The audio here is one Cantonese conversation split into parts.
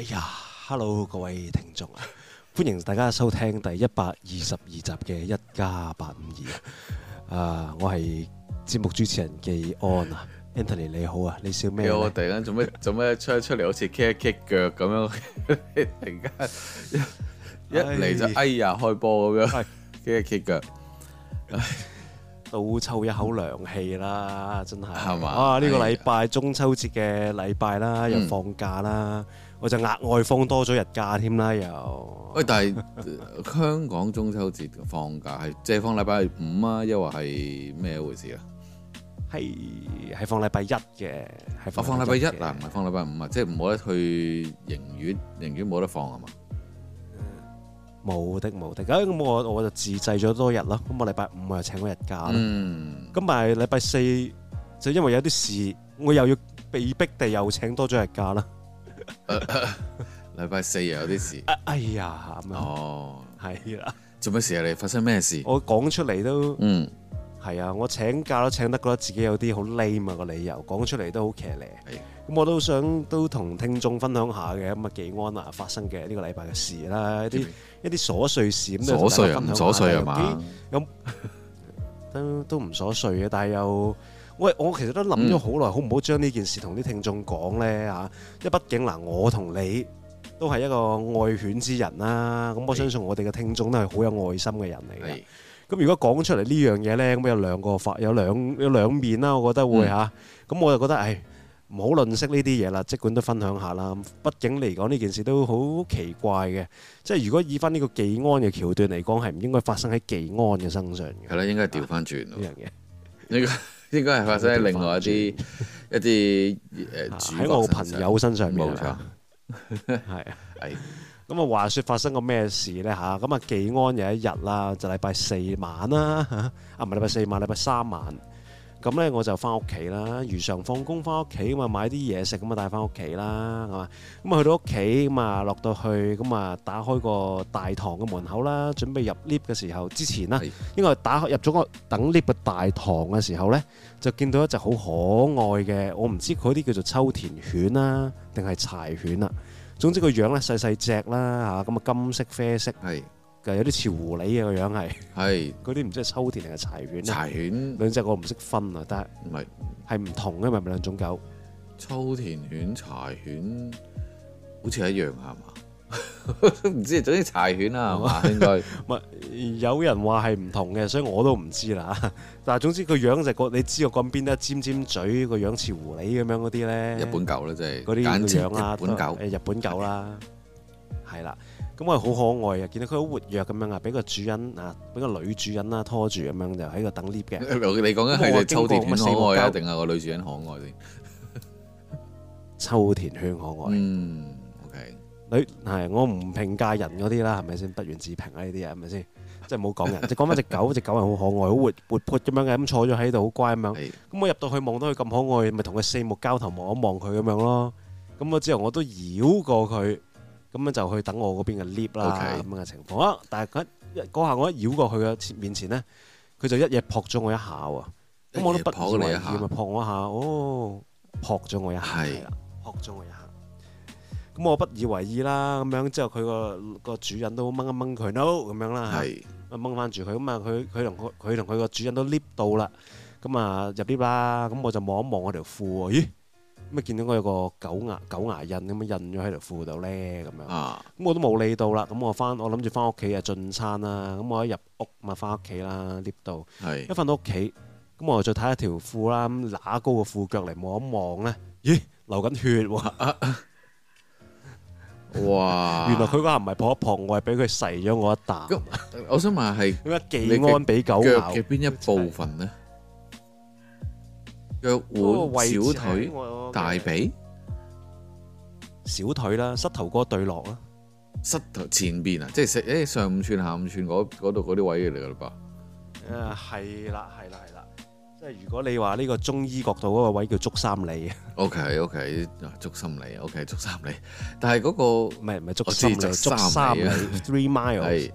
哎呀，Hello 各位聽眾啊，歡迎大家收聽第一百二十二集嘅一家八五二。啊，我係節目主持人技安啊，Anthony 你好啊，你笑咩、欸？我突然間做咩做咩出來出嚟？好似 kick 一 kick 腳咁樣， 突然間一嚟就哎呀開波咁樣，kick 一 kick 腳，哎、倒抽一口涼氣啦，真係係嘛？吧啊，呢、這個禮拜、哎、呀中秋節嘅禮拜啦，又放假啦。嗯我就額外放多咗日假添啦又但，又。喂，但係香港中秋節放假係即係 放禮拜五啊，抑或係咩回事啊？係係放禮拜一嘅，係放禮拜一嗱，唔係放禮拜五啊，五啊，即係唔好得去營業，營業冇得放啊嘛。冇的冇的，咁、啊、我我就自製咗多日咯。咁我禮拜五又請咗日假，咁咪係禮拜四就因為有啲事，我又要被逼地又請多咗日假啦。誒，禮拜 四又有啲事、啊。哎呀，哦，係啦了，做乜事，你發生咩事？我講出嚟都，嗯，係啊，我請假都請得覺得自己有啲好 lame 個理由，講出嚟都好騎呢。咁是、嗯、我都想都同聽眾分享下嘅咁嘅技安啊，發生嘅呢個禮拜嘅事啦，一啲一啲瑣碎事咁樣同大家唔瑣碎係嘛？咁 都都唔瑣碎嘅，但係又。我我其實都諗咗好耐，好唔好將呢件事同啲聽眾講呢？吓？因為畢竟嗱，我同你都係一個愛犬之人啦。咁我相信我哋嘅聽眾都係好有愛心嘅人嚟嘅。咁如果講出嚟呢樣嘢呢，咁有兩個法，有兩有兩面啦。我覺得會吓。咁、嗯、我就覺得，唉，唔好吝嗇呢啲嘢啦。即管都分享下啦。畢竟嚟講呢件事都好奇怪嘅。即係如果以翻呢個技安嘅橋段嚟講，係唔應該發生喺技安嘅身上嘅。係啦，應該係調翻轉呢樣嘢應該係發生喺另外一啲 一啲誒喺我朋友身上面，冇錯，係啊，係。咁啊，話説發生過咩事咧嚇？咁啊，技安有一日啦，就禮拜四晚啦，啊唔係禮拜四晚，禮拜 三晚。咁咧我就翻屋企啦，如常放工翻屋企咁啊，買啲嘢食咁啊帶翻屋企啦，係嘛？咁啊去到屋企咁啊落到去咁啊打開個大堂嘅門口啦，準備入 lift 嘅時候之前啦，是的 應該打開入咗個等 lift 嘅大堂嘅時候咧，就見到一隻好可愛嘅，我唔知佢啲叫做秋田犬啦，定係柴犬啦，總之個樣咧細細隻啦嚇，咁啊金色、啡色係。有啲似狐狸嘅個樣係，係嗰啲唔知係秋田定係柴犬，柴犬兩隻我唔識分啊，但係唔係係唔同嘅咪咪兩種狗，秋田犬、柴犬好似一樣啊，係嘛？唔 知總之柴犬啦係嘛應該，唔 有人話係唔同嘅，所以我都唔知啦。但係總之個樣就個、是、你知我棍邊得尖尖嘴個樣似狐狸咁樣嗰啲咧，呢日本狗啦即係嗰啲樣啊，些日本狗日本狗啦，係啦。咁佢好可愛啊！見到佢好活躍咁樣啊，俾個主人啊，俾個女主人啦拖住咁樣就喺度等 lift 嘅。你講緊係隻秋田可愛啊？定係個女主人可愛啲？秋田犬可愛。嗯，OK。女係我唔評價人嗰啲啦，係咪先？不如自評啊！呢啲啊，係咪先？即係冇講人，即係講翻隻狗。隻狗係好可愛，好活活潑咁樣嘅，咁坐咗喺度好乖咁樣。咁我入到去望到佢咁可愛，咪同佢四目交頭望一望佢咁樣咯。咁我之後我都繞過佢。咁樣就去等我嗰邊嘅 lift 啦，咁樣嘅情況。啊，但係嗰嗰下我一繞過佢嘅面前咧，佢就一嘢撲咗我一下喎。咁我都不以為意，咪撲我一下，哦，撲咗我一下，係撲咗我一下。咁我不以為意啦，咁樣之後佢個個主人都掹一掹佢 No，咁樣啦，係掹翻住佢。咁啊，佢佢同佢佢同佢個主人都 lift 到啦。咁啊，入 lift 啦，咁我就望一望我條褲啊，咦？咁啊！見到我有個狗牙狗牙印咁啊，印咗喺條褲度咧咁樣。啊！咁我都冇理到啦。咁我翻我諗住翻屋企啊進餐啦。咁我一入屋咪翻屋企啦，攣到。係。一翻到屋企，咁我又再睇下條褲啦，咁揦高個褲腳嚟望一望咧，咦流緊血喎！哇！原來佢話唔係撲一撲，我係俾佢噬咗我一啖。咁我想問係點解技安俾狗咬嘅邊一部分咧？腳腕、腳小腿,大腿、大髀、小腿啦，膝頭哥對落啊，膝頭前邊啊，即係食誒上五寸下五寸嗰度嗰啲位嚟噶、嗯啊、啦噃，誒係啦係啦係啦，即係如果你話呢個中醫角度嗰個位叫足三里，O K O K 足三里，O K 足三里，但係嗰、那個唔係唔係足三，足三里 three m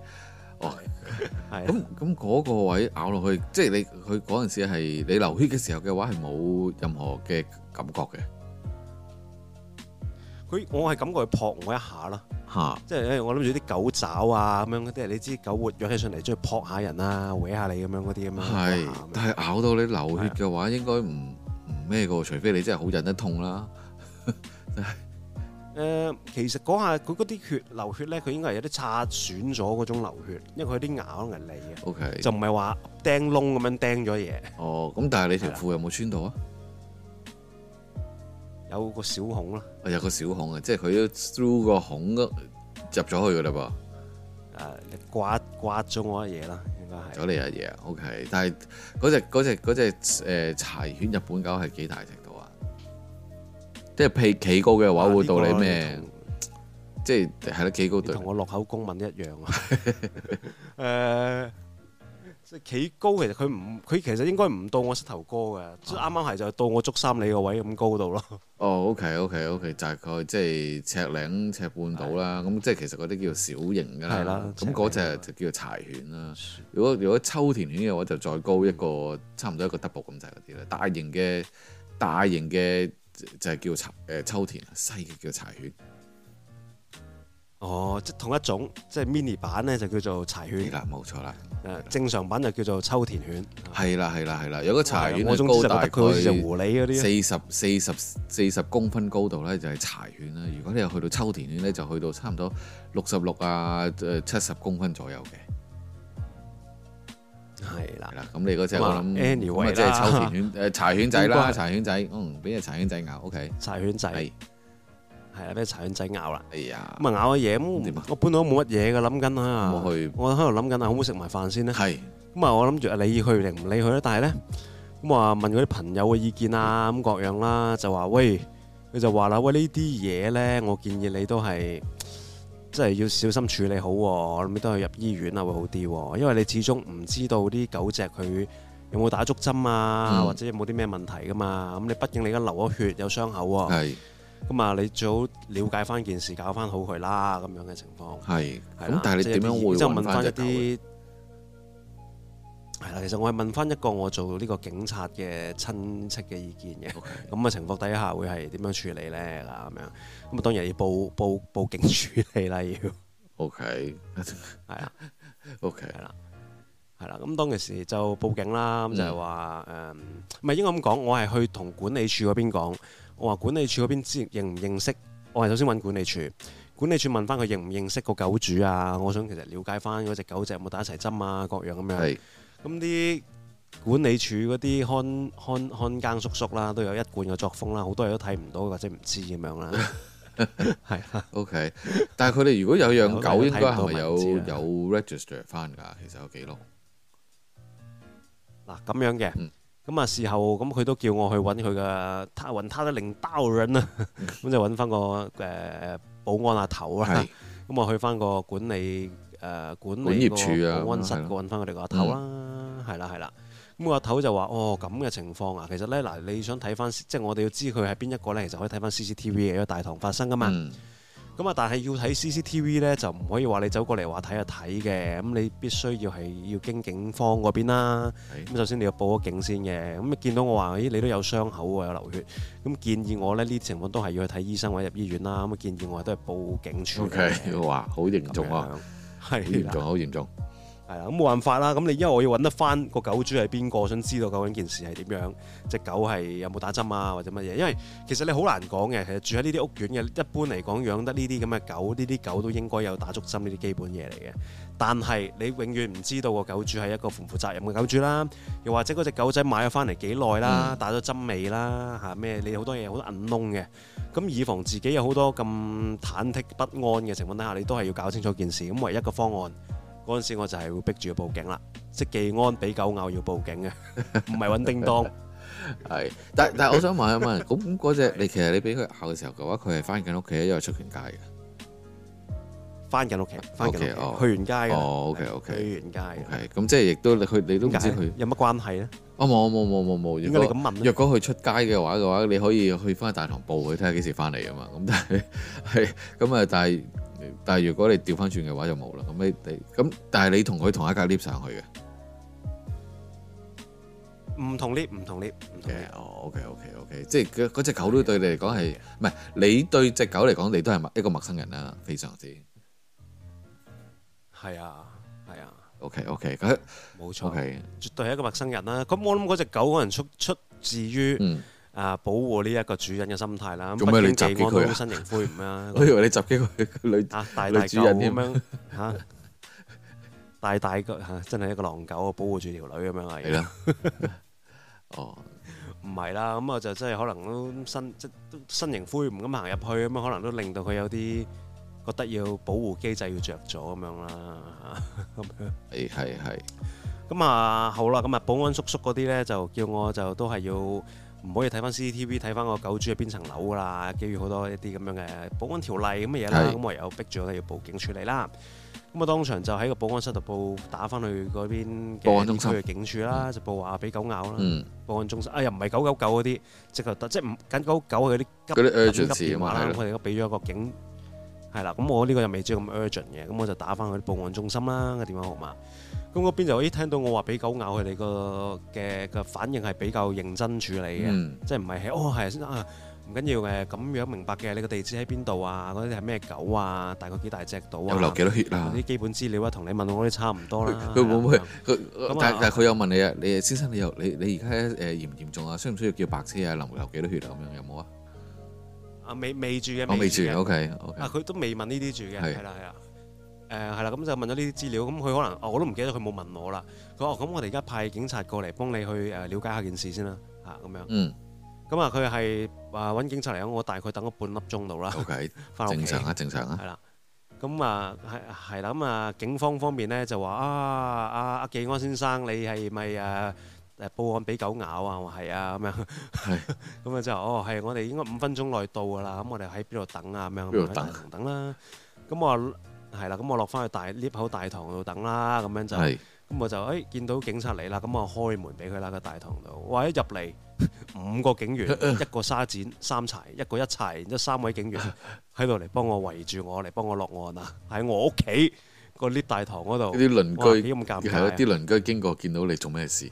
咁咁嗰個位咬落去，即係你佢嗰陣時係你流血嘅時候嘅話，係冇任何嘅感覺嘅。佢我係感覺佢撲我一下啦，吓哈，即係我諗住啲狗爪啊，咁樣嗰啲，你知狗活躍起上嚟，中意撲下人啊，搲下你咁樣嗰啲咁嘛。係是，但係咬到你流血嘅話，的應該唔咩噶，除非你真係好忍得痛啦。 誒、呃，其實講下佢嗰啲血流血咧，佢應該係有啲擦損咗嗰種流血，因為佢有啲牙可能裂啊，Okay. 就唔係話釘窿咁樣釘咗嘢。哦，咁但係你條褲有冇穿到的啊？有個小孔啦。有個小孔了了了、呃、啊，即係佢都 through 個孔入咗去噶啦噃。誒，刮刮咗我嘅嘢啦，應該係。咗你啊嘢，OK。但係嗰隻嗰隻嗰隻誒柴犬，犬日本狗係幾大隻？即係企企高嘅話，會到你咩？啊這個、即係喺度企高對。同我落口公文一樣啊！誒 呃，即係企高其實佢唔佢其實應該唔到我膝頭哥嘅，即係啱啱係就到我足三里個位咁高度咯。哦，OK OK OK，就係佢即係尺零尺半到啦。咁的即係其實嗰啲叫小型㗎啦。係啦的。咁嗰隻就叫做柴犬啦。領如果如果秋田犬嘅話，就再高一個差唔多一個 double 咁滯嗰啲啦。大型嘅大型嘅。就係叫柴誒、呃、秋田，細嘅叫柴犬。哦，即係同一種，即係 mini 版咧就叫做柴犬。係啦，冇錯啦。的正常版就叫做秋田犬。係啦，係啦，係啦。有個柴犬高大，佢好似狐狸嗰啲，四十四十四十公分高度咧就係柴犬啦。如果你又去到秋田犬咧，就去到差唔多六十六啊誒七十公分左右嘅。係啦，咁、嗯、你嗰隻我諗，anyway 即係秋田犬，柴犬仔啦，啊、柴犬仔，嗯，俾隻柴犬仔咬，OK，柴犬仔，係的，係啦，俾柴犬仔咬啦，哎呀，咁啊咬嘅嘢，咁麼我本來冇乜嘢嘅，諗緊啊，冇去，我喺度諗緊啊，好唔好食埋飯先呢？係的，咁啊我諗住你去定唔理佢啦，但係咧咁啊問嗰啲朋友嘅意見啊，咁各樣啦，就話喂，佢就話啦喂呢啲嘢咧，我建議你都係。真係要小心處理好喎，你都係入醫院啊會好啲喎，因為你始終唔知道啲狗隻佢有冇打足針啊，嗯、或者有冇啲咩問題噶嘛，咁你畢竟你而家流咗血有傷口喎，啊，咁啊是 你最好了解翻件事，搞翻好佢啦咁樣嘅情況。係，咁但係你點樣會揾翻隻狗？係啦，其實我係問翻一個我做呢個警察嘅親戚嘅意見嘅，咁嘅 Okay.、嗯、情況底下會係點樣處理咧？嗱，咁樣咁啊，當然要報報報警處理啦，要。OK，係啊。OK，係啦，係啦。咁、嗯、當其時就報警啦，就係話誒，唔係 Yeah.、嗯、應該咁講，我係去同管理處嗰邊講，我話管理處嗰邊知認唔認識？我係首先揾管理處，管理處問翻佢認唔認識個狗主啊？我想其實了解翻嗰隻狗仔有冇打一齊針啊，各樣咁樣。咁啲、嗯、管理處嗰啲看看看更叔叔啦，都有一貫嘅作風啦，好多嘢都睇唔到或者唔知咁樣啦。係 OK 但係佢哋如果有養狗應是是有，應該係咪有有 register 翻噶？其實有記錄。嗱，咁樣嘅，咁啊事後咁佢都叫我去揾佢嘅，揾他，他的領導人啊，咁 就揾翻個誒、呃、保安阿頭啦。咁我的、嗯、去翻個管理。誒、呃、管理處保安室，個揾翻我哋個阿頭啦，係啦係啦。咁阿頭就話：哦咁嘅情況啊，其實咧嗱，你想睇翻，即係我哋要知佢係邊一個咧，其實可以睇翻 CCTV 嘅，因為大堂發生噶嘛。咁啊、嗯，但係要睇 CCTV 咧，就唔可以話你走過嚟話睇就睇嘅。咁你必須要係要經警方嗰邊啦。咁的首先你要報咗警先嘅。咁見到我話：咦、哎，你都有傷口喎，有流血。咁建議我咧呢啲情況都係要去睇醫生或者入醫院啦。咁建議我都係報警處嘅。話、okay，好嚴重啊！係嚴重好嚴重，係啦，咁冇辦法啦。咁你因為我要揾得翻個狗主係邊個，想知道究竟件事係點樣，隻狗係有冇打針啊或者乜嘢？因為其實你好難講嘅。其實住喺呢啲屋苑嘅，一般嚟講養得呢啲咁嘅狗，呢啲狗都應該有打足針呢啲基本嘢嚟嘅。但係你永遠唔知道個狗主係一個負唔負責任嘅狗主啦，又或者嗰隻狗仔買咗翻嚟幾耐啦，打咗針未啦，嚇咩？你好多嘢好多揞窿嘅，咁以防自己有好多咁忐忑不安嘅情況底下，你都係要搞清楚件事。咁唯一個方案嗰陣時，我就係會逼住去報警啦，即係技安俾狗咬要報警嘅，唔係揾叮當。係，但但係我想問一問，咁嗰隻你其實你俾佢咬嘅時候嘅話，佢係翻緊屋企，定係出拳街嘅？翻緊屋企，翻緊屋企。Okay, oh, 去完街哦、oh,，OK，OK，okay ,、okay, 去完街。咁、okay, 即係亦都，你佢你都唔知佢有乜關係咧？哦、啊，冇冇冇冇冇。如果你咁問。如果佢出街嘅話嘅話，你可以去翻大堂報佢睇下幾時翻嚟啊嘛。咁但係係咁啊，但係 但係，但係如果你調翻轉嘅話就冇啦。咁你咁，但係你同佢同一格 lift 上去嘅，唔同 lift，唔同 lift。同 OK，哦、oh,，OK，OK，OK，、okay, okay, okay. 即係嗰嗰隻狗都對你嚟講係唔係？你對隻狗嚟講，你都係一個陌生人啊，非常之。係啊，係啊，OK OK，佢冇錯，絕對係一個陌生人啦。咁我諗嗰隻狗可能出出自於啊保護呢一個主人嘅心態啦。咁未經許可都身形灰唔啦，我以為你襲擊佢女啊，女主人咁樣吓，大大個吓，真係一個狼狗啊，保護住條女咁樣係。係咯，哦，唔係啦，咁啊就真係可能都身即身形灰唔咁行入去，咁啊可能都令到佢有啲。覺得要保護機制要著咗咁樣啦，咁樣誒係係咁啊。好啦，咁啊，保安叔叔嗰啲咧就叫我就都係要唔可以睇翻 CCTV，睇翻個狗主係邊層樓噶啦。基於好多一啲咁樣嘅保安條例咁嘅嘢啦，咁唯有逼住我哋要報警處理啦。咁啊，當場就喺個保安室度報打翻去嗰邊保安中心嘅警署啦，就報話俾狗咬啦。嗯，報案中心啊，又唔係999嗰啲，即係即係唔緊999嗰啲急嗰啲 urgent 電話啦，我哋都俾咗個警。係啦，咁我呢個又未至於咁 urgent 嘅，咁我就打翻佢啲報案中心啦，個電話號碼。咁嗰邊就可以聽到我話俾狗咬，佢哋個嘅嘅反應係比較認真處理嘅，即係唔係喺哦係先生啊，唔緊要嘅，咁樣明白嘅，你個地址喺邊度啊？嗰啲係咩狗啊？大概幾大隻到啊？有流幾多血啊？啲基本資料啊，同你問我啲差唔多啦。佢會唔會佢？但但佢有問你啊，你誒先生你又你你而家誒嚴唔嚴重啊？需唔需要叫白車啊？流唔流幾多血啊？咁樣有冇啊？啊，未未住嘅，未住嘅。啊，佢都未問呢啲住嘅。係啦，係啊。誒，係啦，咁就問咗呢啲資料。咁佢可能，我都唔記得佢冇問我啦。佢話：哦，咁我哋而家派警察過嚟幫你去誒了解下件事先啦。嚇，咁樣。嗯。咁啊，佢係話揾警察嚟，我大概等咗半粒鐘度啦。OK，返屋企，正常啊，正常啊。係啦。咁啊，係係啦。咁啊，警方方面咧就話啊，阿阿技安先生，你係咪啊？誒報案俾狗咬啊，或係啊咁樣，咁啊是就哦係，我哋應該五分鐘內到噶啦，咁我哋喺邊度等啊？咁樣？邊度等？等啦。咁我係啦，咁我落翻去大 lift 口大堂度等啦。咁樣就咁是我就誒、哎、見到警察嚟啦，咁我開門俾佢啦個大堂度。哇！一入嚟五個警員，一 個沙展，三柴，一個一柴，然之後三位警員喺度嚟幫我圍住我嚟幫我落案啊！喺我屋企個 lift 大堂嗰度。啲鄰居咁尷尬，啲鄰 居經過見到你做咩事？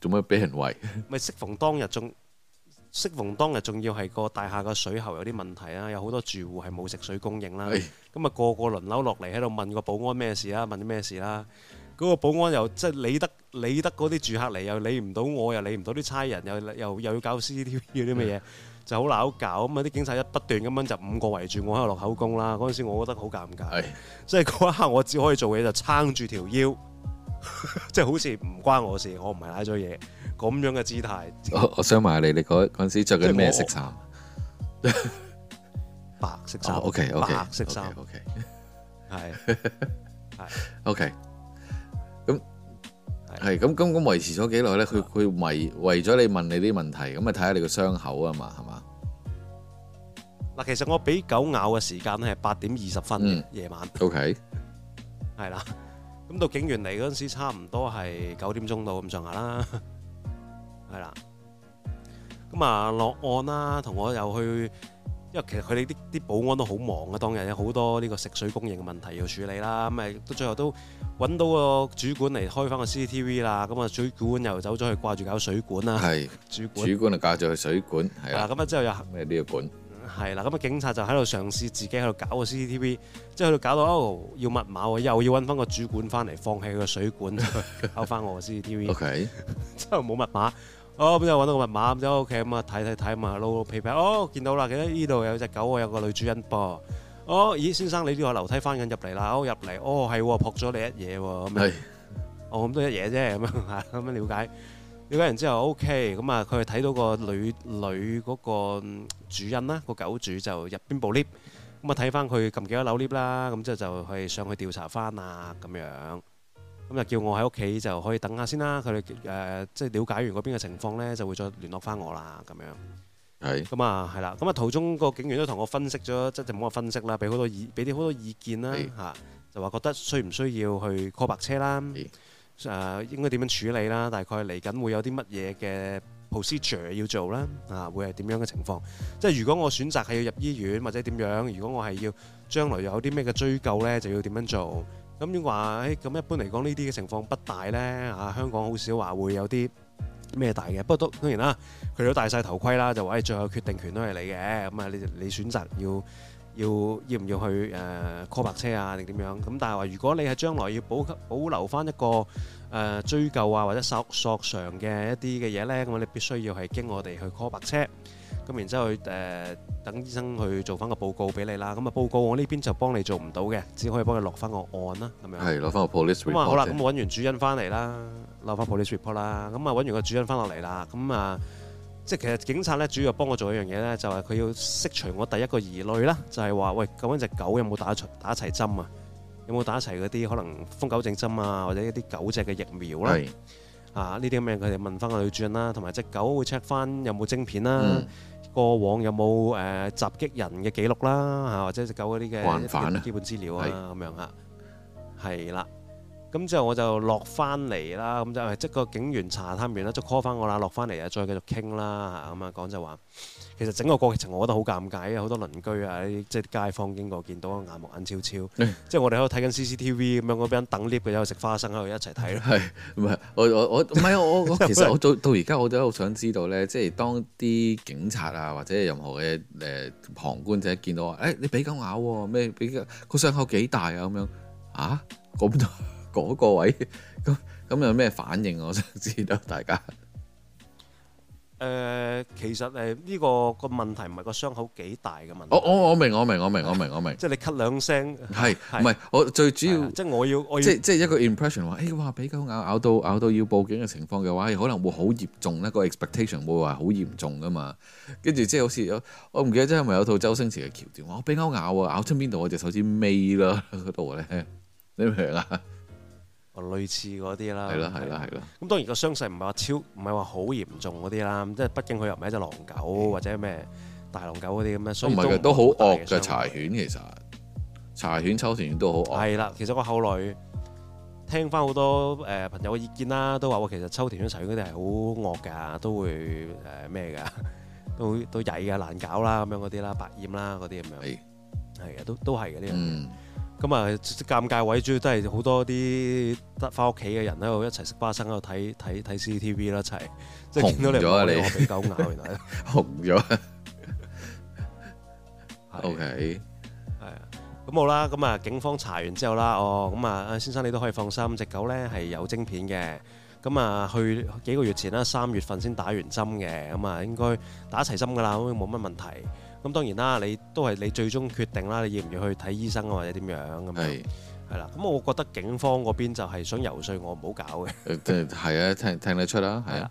做咩俾人喂？咪 適逢當日仲適逢當日仲要係個大廈個水喉有啲問題啦，有好多住戶係冇食水供應啦。咁啊個個輪流落嚟喺度問個保安咩事啦，問啲咩事啦？嗰、那個保安又即係理得理得嗰啲住客嚟又理唔到，我又理唔到啲差人又又又要搞 CCTV 啲乜嘢，是就好鬧搞。咁啊啲警察一不斷咁樣就五個圍住我喺度落口供啦。嗰、那、陣、個、時我覺得好尷尬，即是是所以嗰一刻我只可以做嘢就撐住條腰。即係好似唔關我事，我唔係拉咗嘢咁樣嘅姿態。我想問下你，你嗰嗰陣時着緊咩色衫？白色衫。O K O K 白色衫。O K 係係 O K。咁係咁咁咁維持咗幾耐咧？佢佢為為咗你問你啲問題，咁啊睇下你個傷口啊嘛，係嘛？嗱，其實我俾狗咬嘅時間咧係八點二十分夜晚。O K 係啦。咁到警員嚟嗰陣時，差唔多係九點鐘到咁上下啦，係 啦。咁啊落案啦，同我又去，因為其實佢哋啲啲保安都好忙嘅當日，有好多呢個食水供應嘅問題要處理啦。咁誒都最後都揾到個主管嚟開翻個 CCTV 啦。咁啊主管又走咗去掛住搞水管啦。係是，主管主管，啊搞咗去水管係。咁啊之後又行呢個管。係啦，咁啊警察就喺度嘗試自己喺度搞個 CCTV，即係喺度搞到哦要密碼、啊，又要揾翻個主管翻嚟放棄個水管，搞翻 我個 CCTV，Ok，Okay .之後冇密碼，哦邊度揾到個密碼咁就後 OK 咁啊睇睇睇埋，撈撈皮皮，哦見到啦，記得呢度有隻狗啊，有個女主人噃，哦咦先生你呢個樓梯翻緊入嚟啦，哦入嚟，哦係撲咗你一嘢喎，咁、嗯、啊，是哦咁多一嘢啫，咁樣咁樣了解。了解完之後 OK，咁啊佢睇到個女女嗰個主人啦，個狗主就入邊部 lift，咁啊睇翻佢撳幾多樓 lift 啦，咁之後就係上去調查翻啊咁樣，咁就叫我喺屋企就可以等下先啦。佢哋誒即係了解完嗰邊嘅情況咧，就會再聯絡翻我啦咁樣。係是，咁啊係啦，咁啊途中個警員都同我分析咗，即係冇話分析啦，俾好多意，俾啲好多意見啦嚇是、啊，就話覺得需唔需要去 call 白車啦？誒應該點樣處理啦？大概嚟緊會有啲乜嘢嘅 procedure 要做啦？啊，會係點樣嘅情況？即係如果我選擇係要入醫院或者點樣？如果我係要將來有啲咩嘅追究呢，就要點樣做？咁話咁一般嚟講呢啲嘅情況不大呢。啊，香港好少話會有啲咩大嘅。不過都當然啦，佢哋都戴曬頭盔啦，就話最後決定權都係你嘅。咁啊，你你選擇要。要要唔要去誒 call 白車啊定點樣咁？但係話如果你係將來要保保留翻一個誒追究啊或者索索償嘅一啲嘅嘢咧，咁你必須要係經我哋去 call 白車，咁然之後誒等醫生去做翻個報告俾你啦。咁啊報告我呢邊就幫你做唔到嘅，只可以幫你落翻個案啦。咁樣係攞翻個 police report，咁啊好啦，咁揾完主人翻嚟啦，落翻 police report 啦。咁啊揾完個主人翻落嚟啦，咁啊。即係其實警察咧，主要幫我做一樣嘢咧，就係、是、佢要釋除我第一個疑慮啦，就係、是、話喂，咁樣隻狗有冇打齊打齊針啊？有冇打齊嗰啲可能瘋狗症針啊，或者一啲狗隻嘅疫苗啦？啊，呢啲咁嘅佢哋問翻個女主人啦，同埋隻狗會 check 翻有冇晶片啦，過往有冇誒襲擊人嘅記錄啦，嚇或者隻狗嗰啲嘅基本資料啊。是」咁樣嚇、啊，係啦。咁之後我就落翻嚟啦，咁就即、是、個警員查探完啦，就 call 翻我啦，落翻嚟啊，再繼續傾啦，咁啊講就話其實整個過程，我覺得好尷尬，因好多鄰居啊，啲即街坊經過見到眼目眼超超，即、嗯、我哋喺度睇緊 C C T V 咁樣，我哋喺度等 lift 嘅，喺度食花生，喺度一齊睇咯。係唔係？我我我唔係 我其實我到到而家我都好想知道咧，即當啲警察啊或者任何嘅誒、呃、旁觀者見到話誒、欸、你俾狗咬咩、啊？俾個個傷口幾大啊？咁樣啊？嗰邊 嗰個位咁咁有咩反應？我想知道大家。誒、呃，其實誒呢個個問題唔係個傷口幾大嘅問題、哦。我我我明我明 我明我明我明。即係你咳兩聲。係，唔係我最主要。 啊、即係我要，我要即係即係一個 impression 話，誒、哎、哇俾狗咬咬到咬到要報警嘅情況嘅話，可能會好嚴重咧。個 expectation 會話好嚴重噶嘛。跟住即係好似我我唔記得即係咪有套周星馳嘅橋段話，我俾狗咬啊咬親邊度？我隻手指尾啦嗰度咧， 你明啊白？ 類似嗰啲啦，係啦係啦係啦。咁當然個傷勢唔係話超，唔係話好嚴重嗰啲啦。即係畢竟佢又唔係一隻狼狗、嗯、或者咩大狼狗嗰啲咁嘅。所唔係嘅，都好惡嘅柴犬其實。柴犬秋、秋田犬都好惡。係啦，其實我後來聽返好多誒朋友嘅意見啦，都話其實秋田犬、柴犬嗰啲係好惡㗎，都會誒咩㗎，都都曳㗎，難搞啦咁樣嗰啲啦，百厭啦嗰啲咁樣。係的，係啊，都、這個、都係嘅呢樣咁、嗯、啊，尷尬位主要都係好多啲得返屋企嘅人喺度一齊食花生，喺度睇睇睇 CCTV 啦一齊。紅咗啊你！俾你狗咬原來。紅咗。OK。係啊。咁好啦，咁啊，警方查完之後啦，哦，咁啊，先生你都可以放心，隻狗呢係有晶片嘅，咁啊去幾個月前啦，三月份先打完針嘅，咁啊應該打齊針㗎喇，咁冇乜問題。咁當然啦，你都係你最終決定啦，你要唔要去睇醫生啊，或者點樣咁樣？係啦是。咁、嗯、我覺得警方嗰邊就係想游說我唔好搞嘅。誒、 嗯，係啊，聽聽得出啦，係啊，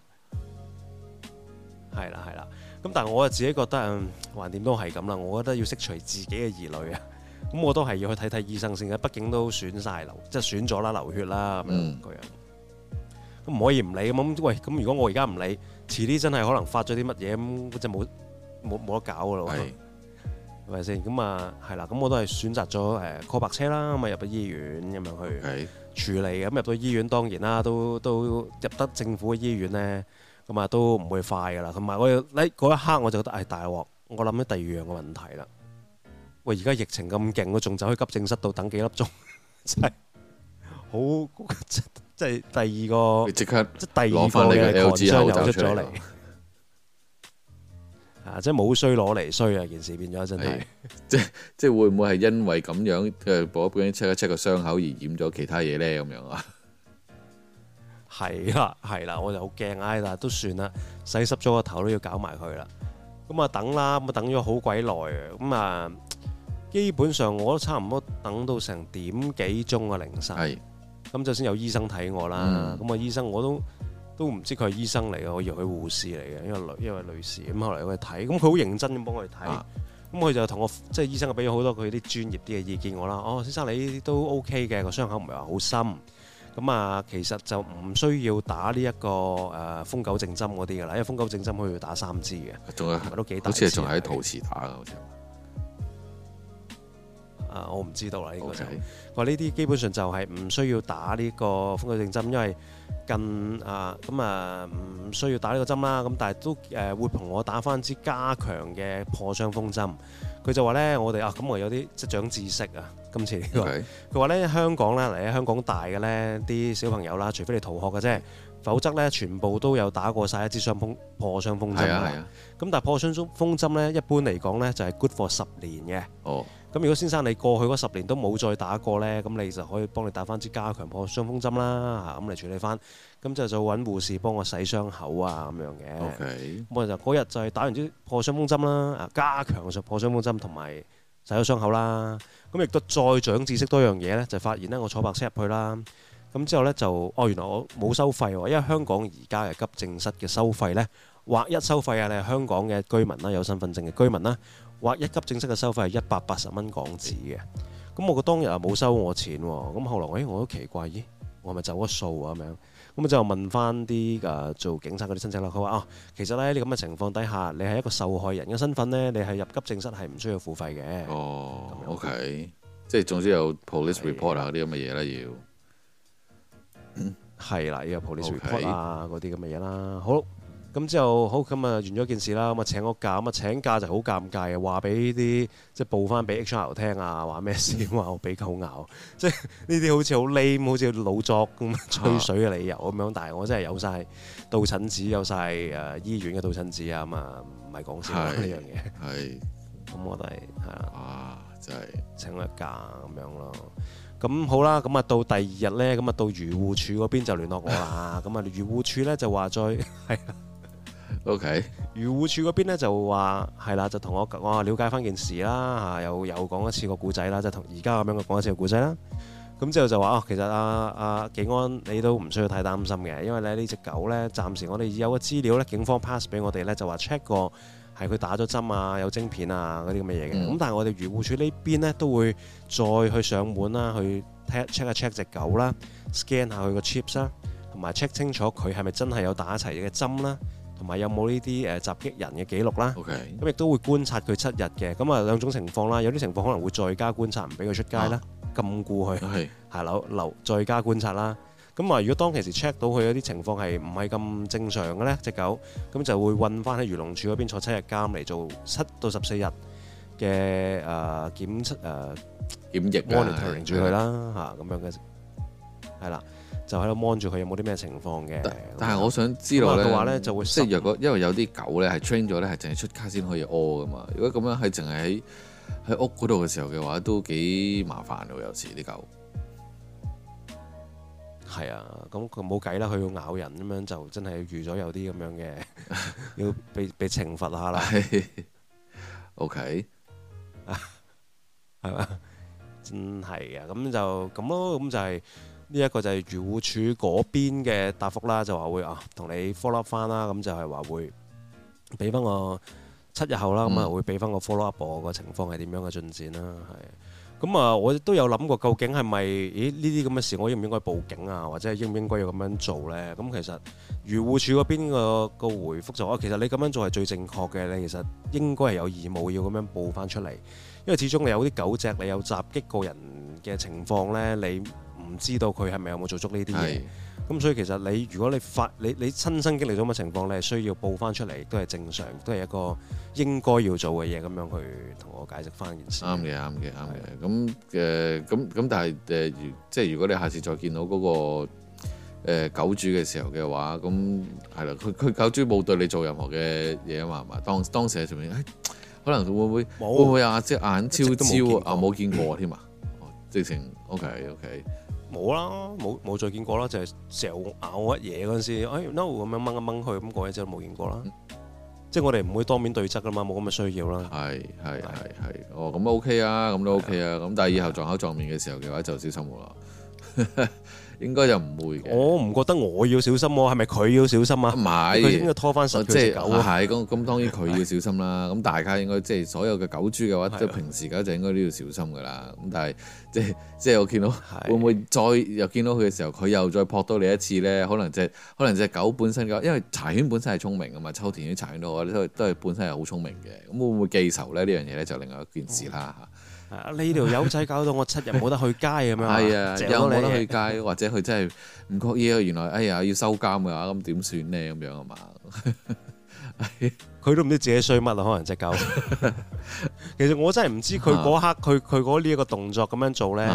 係啦、啊，係啦、啊。咁、啊啊、但係我自己覺得，橫、嗯、掂都係咁啦。我覺得要釋除自己嘅疑慮啊。咁、 嗯、我都係要去睇睇醫生先嘅，畢竟都損晒流，即係損咗啦，流血啦咁樣個樣。咁唔、嗯、可以唔理咁？喂，咁如果我而家唔理，遲啲真係可能發咗啲乜嘢咁，嗰冇。冇冇得搞噶咯，係咪先？咁啊，係啦。咁我都係選擇咗誒 call 白車啦，咁啊入咗醫院咁樣去處理。咁入到醫院當然啦，都都入得政府嘅醫院咧，咁啊都唔會快噶啦。同埋我咧，嗰一刻我就覺得係大鑊，我諗咗第二樣嘅問題啦。喂，而家疫情咁勁，我仲走去急症室度等幾粒鐘，真係好，即係第二個，即係第二個嘅殼殼流出咗嚟。啊！即係冇衰攞嚟衰啊！件事變咗真係的， 即係即係會唔會係因為咁樣誒，補一補 check 一 check 個傷口而染咗其他嘢咧？咁樣啊？係啦，係啦，我就好驚啊！但都算啦，洗濕咗個頭都要搞埋佢啦。咁啊等啦，咁啊等咗好鬼耐啊！咁啊，基本上我都差唔多等到成點幾鐘嘅凌晨。係。咁的就先有醫生睇我啦。咁啊、嗯、醫生我都。都唔知佢係醫生嚟嘅，我以為佢護士嚟嘅，因為女一位女士。咁後嚟我去睇，咁佢好認真咁幫、啊、我去睇。咁佢就同我即係醫生，就俾咗好多佢啲專業啲嘅意見我啦。哦，先生你都 OK 嘅，個傷口唔係話好深。咁啊，其實就唔需要打呢、這、一個誒、呃、瘋狗症針嗰啲嘅啦，因為瘋狗症針可以打三支嘅。仲有都幾大，好似仲喺陶瓷打嘅，好似。啊，我唔知道啦，呢個就我呢啲基本上就係唔需要打呢個瘋狗症針，因為。近啊，咁啊唔需要打呢個針啦，咁但係都誒會同我打翻支加強嘅破傷風針。佢就話呢，我哋啊咁我有啲即係長知識啊，今次、呢個。呢佢話呢，香港呢，嚟喺香港大嘅呢啲小朋友啦，除非你逃學嘅啫，否則呢，全部都有打過晒一支傷風破傷風針。係啊咁、啊、但係破傷風針呢，一般嚟講呢，就係 good for 十年嘅。哦。Oh. 咁如果先生你過去嗰十年都冇再打過呢，咁你就可以幫你打翻支加強破傷風針啦，嚇咁嚟處理翻。咁之後就揾護士幫我洗傷口啊咁樣嘅。咁我 Okay. 就嗰日就係打完支破傷風針啦，啊加強嘅破傷風針同埋洗咗傷口啦。咁亦都再長知識多樣嘢呢，就發現呢我坐白車入去啦。咁之後呢，就哦原來我冇收費喎，因為香港而家嘅急症室嘅收費呢，劃一收費啊，你係香港嘅居民啦，有身份證嘅居民啦。或一急症室嘅收費係一百八十蚊港紙嘅，咁我個當日啊冇收我錢喎，咁後來，哎，我好奇怪，咦，我係咪走咗數啊咁樣？咁就問翻啲誒做警察嗰啲親戚啦，佢話啊，其實呢，喺呢咁嘅情況底下，你係一個受害人嘅身份呢，你係入急症室係唔需要付費嘅。哦樣，OK，即係 okay, 總之有 police report 啊啲咁嘅嘢啦，對要，嗯，係啦，依個 police report 啊嗰啲咁嘅嘢啦，好。咁之後好咁啊，就完咗件事啦，咁啊請咗假，咁啊請假就好尷尬嘅，話俾啲即係報翻俾 HR 聽啊，話咩事，話我俾狗咬，即係呢啲好似好 lame，好似老作咁吹水嘅理由咁樣。啊、但係我真係有晒到診紙，有晒誒醫院嘅到診紙啊，咁啊唔係講笑呢樣嘢。係，咁我哋係啦。啊，是是啊真係請咗假咁樣咯。咁好啦，咁啊到第二日咧，咁啊到漁護署嗰邊就聯絡我啦。咁啊漁護署咧就話再係。 O.K. 漁護署嗰邊咧就話係啦，就同我我瞭解返件事啦。嚇，又又講一次個故仔啦，就同而家咁樣講一次個故仔啦。咁之後就話哦，其實啊啊，技安你都唔需要太擔心嘅，因為咧呢隻狗咧，暫時我哋已有個資料咧，警方 pass 俾我哋咧，就話 check 過係佢打咗針啊，有晶片啊嗰啲咁嘅嘢嘅。咁、mm. 但係我哋漁護署呢邊咧都會再去上門啦，去 check 一 check 隻狗啦，scan 下佢個 chips 啦，同埋 check 清楚佢係咪真係有打齊嘅針啦。同埋有冇呢啲誒襲擊人嘅記錄啦？OK，咁亦都會觀察佢七日嘅，咁啊兩種情況啦。有啲情況可能會再加觀察，唔俾佢出街啦，禁錮佢喺樓留再加觀察啦。咁啊，如果當其時 check 到佢有啲情況係唔係咁正常嘅咧，隻狗咁就會韞翻喺漁農署嗰邊坐七日監嚟做七到十四日嘅誒檢測誒檢疫 monitoring 住佢啦，吓咁樣嘅係啦。就喺度 monitor 住佢有冇啲咩情況嘅。但係我想知道嘅話咧，就會即係若果因為有啲狗咧係 train 咗咧係淨係出街先可以屙噶嘛。如果咁樣係淨係喺喺屋嗰度嘅時候嘅話，都幾麻煩喎。有時啲狗係啊，咁佢冇計啦，佢要咬人咁樣就真係預咗有啲咁樣嘅， 要被被懲罰下啦。 OK，係嘛、啊？真係啊，咁就咁咯，咁就係、是。呢一個就係漁護署嗰邊嘅答覆啦，就話會啊同你 follow 翻啦，咁就係話會俾翻我七日後啦。咁啊、嗯、會俾翻個 follow up 個情況係點樣嘅進展啦。係咁啊，我都有諗過，究竟係咪？咦呢啲咁嘅事，我應唔應該報警啊？或者係應唔應該要咁樣做咧？咁其實漁護署嗰邊個個回覆就話、啊，其實你咁樣做係最正確嘅。你其實應該係有義務要咁樣報翻出嚟，因為始終你有啲狗隻，你有襲擊個人嘅情況咧，你。唔知道佢係咪有冇做足呢啲嘢，咁是、嗯、所以其實你如果你發你你親身經歷咗乜情況，你係需要報翻出嚟，都係正常，都係一個應該要做嘅嘢，咁樣去同我解釋翻件事。啱嘅，啱嘅，啱嘅。咁誒，咁咁、呃呃、但係誒、呃，即係如果你下次再見到嗰、那個誒、呃、狗主嘅時候嘅話，咁係啦，佢佢狗主冇對你做任何嘅嘢啊嘛，係咪？當當時係做咩？可能會會有會唔會有隻眼超超 啊？冇見過添啊！直情 O K O K。Okay, okay. 冇啦，冇冇再見過啦，就係成日咬乜嘢嗰陣時， 哎 no 咁樣掹一掹佢咁講，一之都冇見過啦， 即係我哋唔會當面對質噶嘛，冇咁嘅需要啦。係係係係，哦咁 OK 啊，咁都 OK 啊，咁 但係以後撞口撞面嘅時候嘅話就小心好啦。 應該就唔會嘅。我唔覺得我要小心喎，啊，係咪佢要小心啊？唔係是，佢應該拖翻十隻狗啊。係咁咁，當然佢要小心啦，啊。咁 是的 大家應該即係所有嘅狗主嘅話，即係是的 平時嗰就應該都要小心噶啦。咁但係即係即係我見到會唔會再是的 又見到佢嘅時候，佢又再撲多你一次咧？可能隻可能隻狗本身嘅，因為柴犬本身係聰明啊嘛。秋田犬、柴犬都都都係本身係好聰明嘅。咁會唔會記仇咧？呢樣嘢咧就另外一件事啦 呢條友仔搞到我七日冇得去街咁樣，係啊、哎呀，又冇得去街， 或者佢真係唔覺意啊！原來哎呀要收監嘅。咁點算呢？咁樣啊嘛？佢 都唔知自己衰乜啊！可能隻狗， 其實我真係唔知佢嗰刻，佢佢嗰呢一個動作咁樣做咧，係、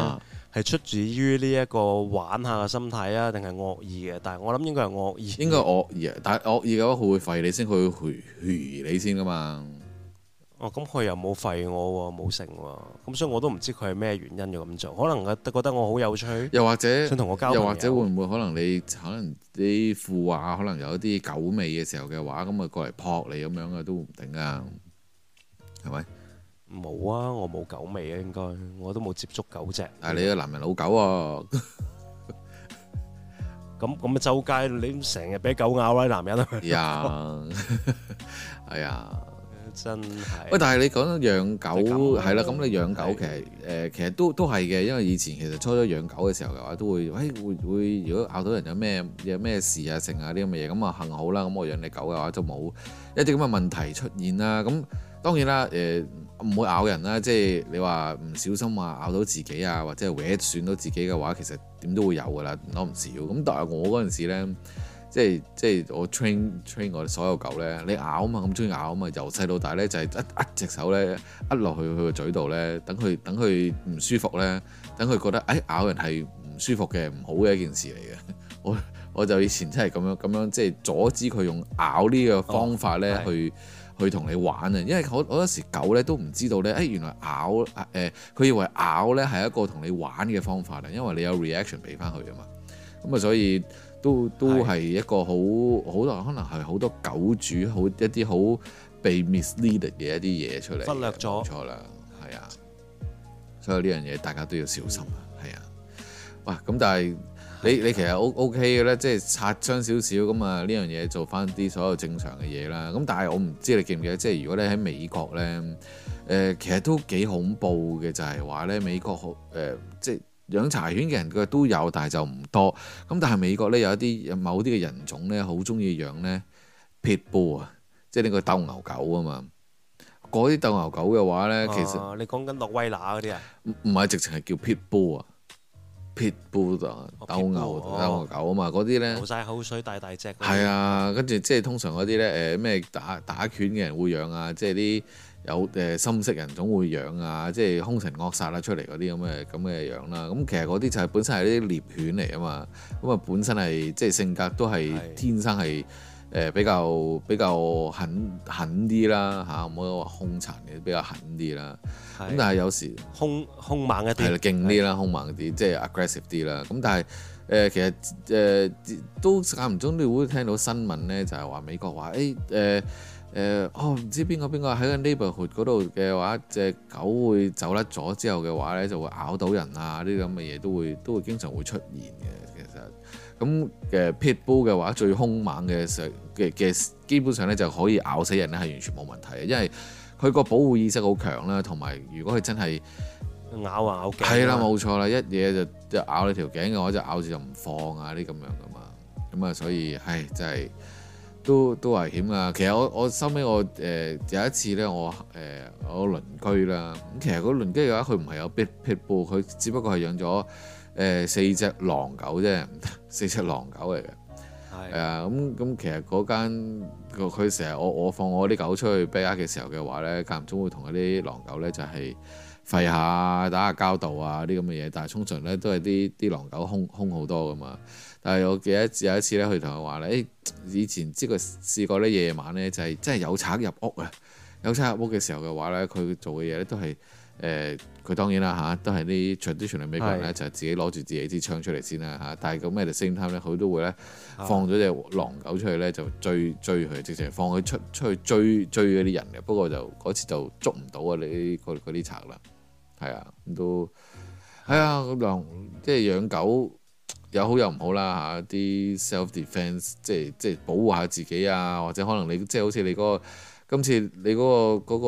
啊、出自於呢一個玩下嘅心態啊，定係惡意嘅？但係我諗應該係惡意，應該惡意、啊，但係惡意嘅話佢會吠你先，佢會嘘你先噶嘛。哦，咁佢又冇吠我喎，冇成喎，咁所以我都唔知佢係咩原因要咁做，可能佢覺得我好有趣，又或者想同我交，又或者會唔會可能你可能啲褲啊，可能有一啲狗味嘅時候嘅話，咁啊過嚟撲你咁樣嘅都唔定啊，係咪、嗯？冇吧啊，我冇狗味啊，應該我都冇接觸狗隻。但你個男人老狗啊。咁咁啊周街你成日俾狗咬啦，男人啊、哎呀，係 啊、哎，係啊。真係喂！但係你講養狗係啦，咁你養狗其實誒的、呃，其實都都係嘅，因為以前其實初初養狗嘅時候嘅話，都會誒、哎、會會，如果咬到人有咩有咩事啊，剩下啲咁嘅嘢，咁啊幸好啦，咁我養你狗嘅話就冇一啲咁嘅問題出現啦。咁當然啦，誒、呃、唔會咬人啦，即係你話唔小心話、啊、咬到自己啊，或者搲損到自己嘅話，其實點都會有㗎啦，攞唔少。咁但係我嗰陣時咧。即係即係我 train train 我哋所有狗咧，你咬啊嘛，咁中意咬啊嘛，由細到大咧就係一一隻手咧一落去佢個嘴度咧，等佢等佢唔舒服咧，等佢覺得誒咬人係唔舒服嘅唔好嘅一件事嚟嘅。我我就以前真係咁樣咁樣，即係阻止佢用咬呢個方法咧去、oh, 去同的你玩啊，因為好好多時狗咧都唔知道咧，誒原來咬誒佢、呃、以為咬咧係一個同你玩嘅方法啊，因為你有 reaction 俾翻佢啊嘛，咁啊所以。都都係一個好好多可能係好多狗主好一啲好被 mislead 嘅一啲嘢出嚟，忽略咗錯啦，係啊，所以呢樣嘢大家都要小心啊，係啊，哇咁但係你你其實 O O K 嘅咧，即係擦傷少少咁啊，呢樣嘢做翻啲所有正常嘅嘢啦，咁但係我唔知你記唔記得，即係如果你喺美國咧，誒、呃、其實都幾恐怖嘅就係話咧美國好誒。呃養柴犬嘅人佢都有，但係就唔多。咁但係美國咧有一啲某啲嘅人種咧好鍾意養咧 pit bull 啊，即係呢個鬥牛狗啊嘛。嗰啲鬥牛狗嘅話咧，其實、哦、你講緊羅威拿嗰啲啊？唔唔係，直情係叫 bull, pit bull 啊，pit bull 啊，鬥牛、哦、鬥牛鬥牛狗啊嘛。嗰啲咧流曬口水，大大隻。係啊，跟住即係通常嗰啲咧誒咩打打拳嘅人會養啊，即係啲。有誒、呃、深色人種會養啊，即係兇神惡煞啦出嚟嗰啲咁嘅咁嘅樣,樣啦。咁其實嗰啲就係、是、本身係啲獵犬嚟啊嘛。咁啊本身係即係性格都係是天生係誒、呃、比較比較狠狠啲啦嚇，唔好話兇殘嘅比較狠啲啦。咁是但係有時兇兇猛一啲係的啦，勁啲啦，兇猛啲即係 aggressive 啲啦。咁但係誒其實誒、呃、都間唔中都會聽到新聞咧，就係、是、話美國話誒誒。欸欸欸欸呃誒哦唔知邊個邊個喺個 neighborhood 嗰度嘅話，隻狗會走甩咗之後嘅話咧，就會咬到人啊！呢啲咁嘅嘢都會都會經常會出現嘅。其實咁誒 pit bull 嘅話最兇猛嘅上嘅嘅基本上咧就可以咬死人咧，係完全冇問題嘅，因為佢個保護意識好強啦，同埋如果佢真係咬啊咬頸、啊，係啦冇錯啦，一嘢就條頸就咬你條頸嘅話就咬住就唔放啊呢咁樣噶嘛，咁啊所以唉、哎、真係。真都都危險㗎。其實我我收尾我誒、呃、有一次咧，我、呃、誒我鄰居啦。咁其實嗰鄰居嘅話，佢唔係有比特波，佢只不過係養咗誒四隻狼狗啫，四隻狼狗嚟嘅。係啊，咁咁的、呃嗯、其實嗰間佢成日我我放我啲狗出去俾呃嘅時候嘅話咧，間唔中會同一啲狼狗咧就係、是、吠下、打下交道啊啲咁嘅嘢。但係通常咧都係啲啲狼狗兇兇好多㗎嘛。但係我記得有一次咧，佢同我話咧，誒以前知佢試過咧，夜晚咧就係真係有賊入屋啊！有賊入屋嘅時候嘅話咧，佢做嘅嘢咧都係誒，佢、呃、當然啦吓，都係啲 traditional 美國人咧，就係自己攞住自己支槍出嚟先啦吓，是但係咁喺同 time 咧，佢都會咧放咗隻狼狗出去咧，就追追佢，直情放佢出出去追追嗰啲人嘅。不過就嗰次就捉唔到啊！你嗰啲賊啦，係啊都係啊，咁狼即係養狗。有好有唔好啦嚇，啲、啊、self defense 即係即係保護下自己啊，或者可能你即係好似你嗰、嗰個今次你嗰、嗰個嗰、嗰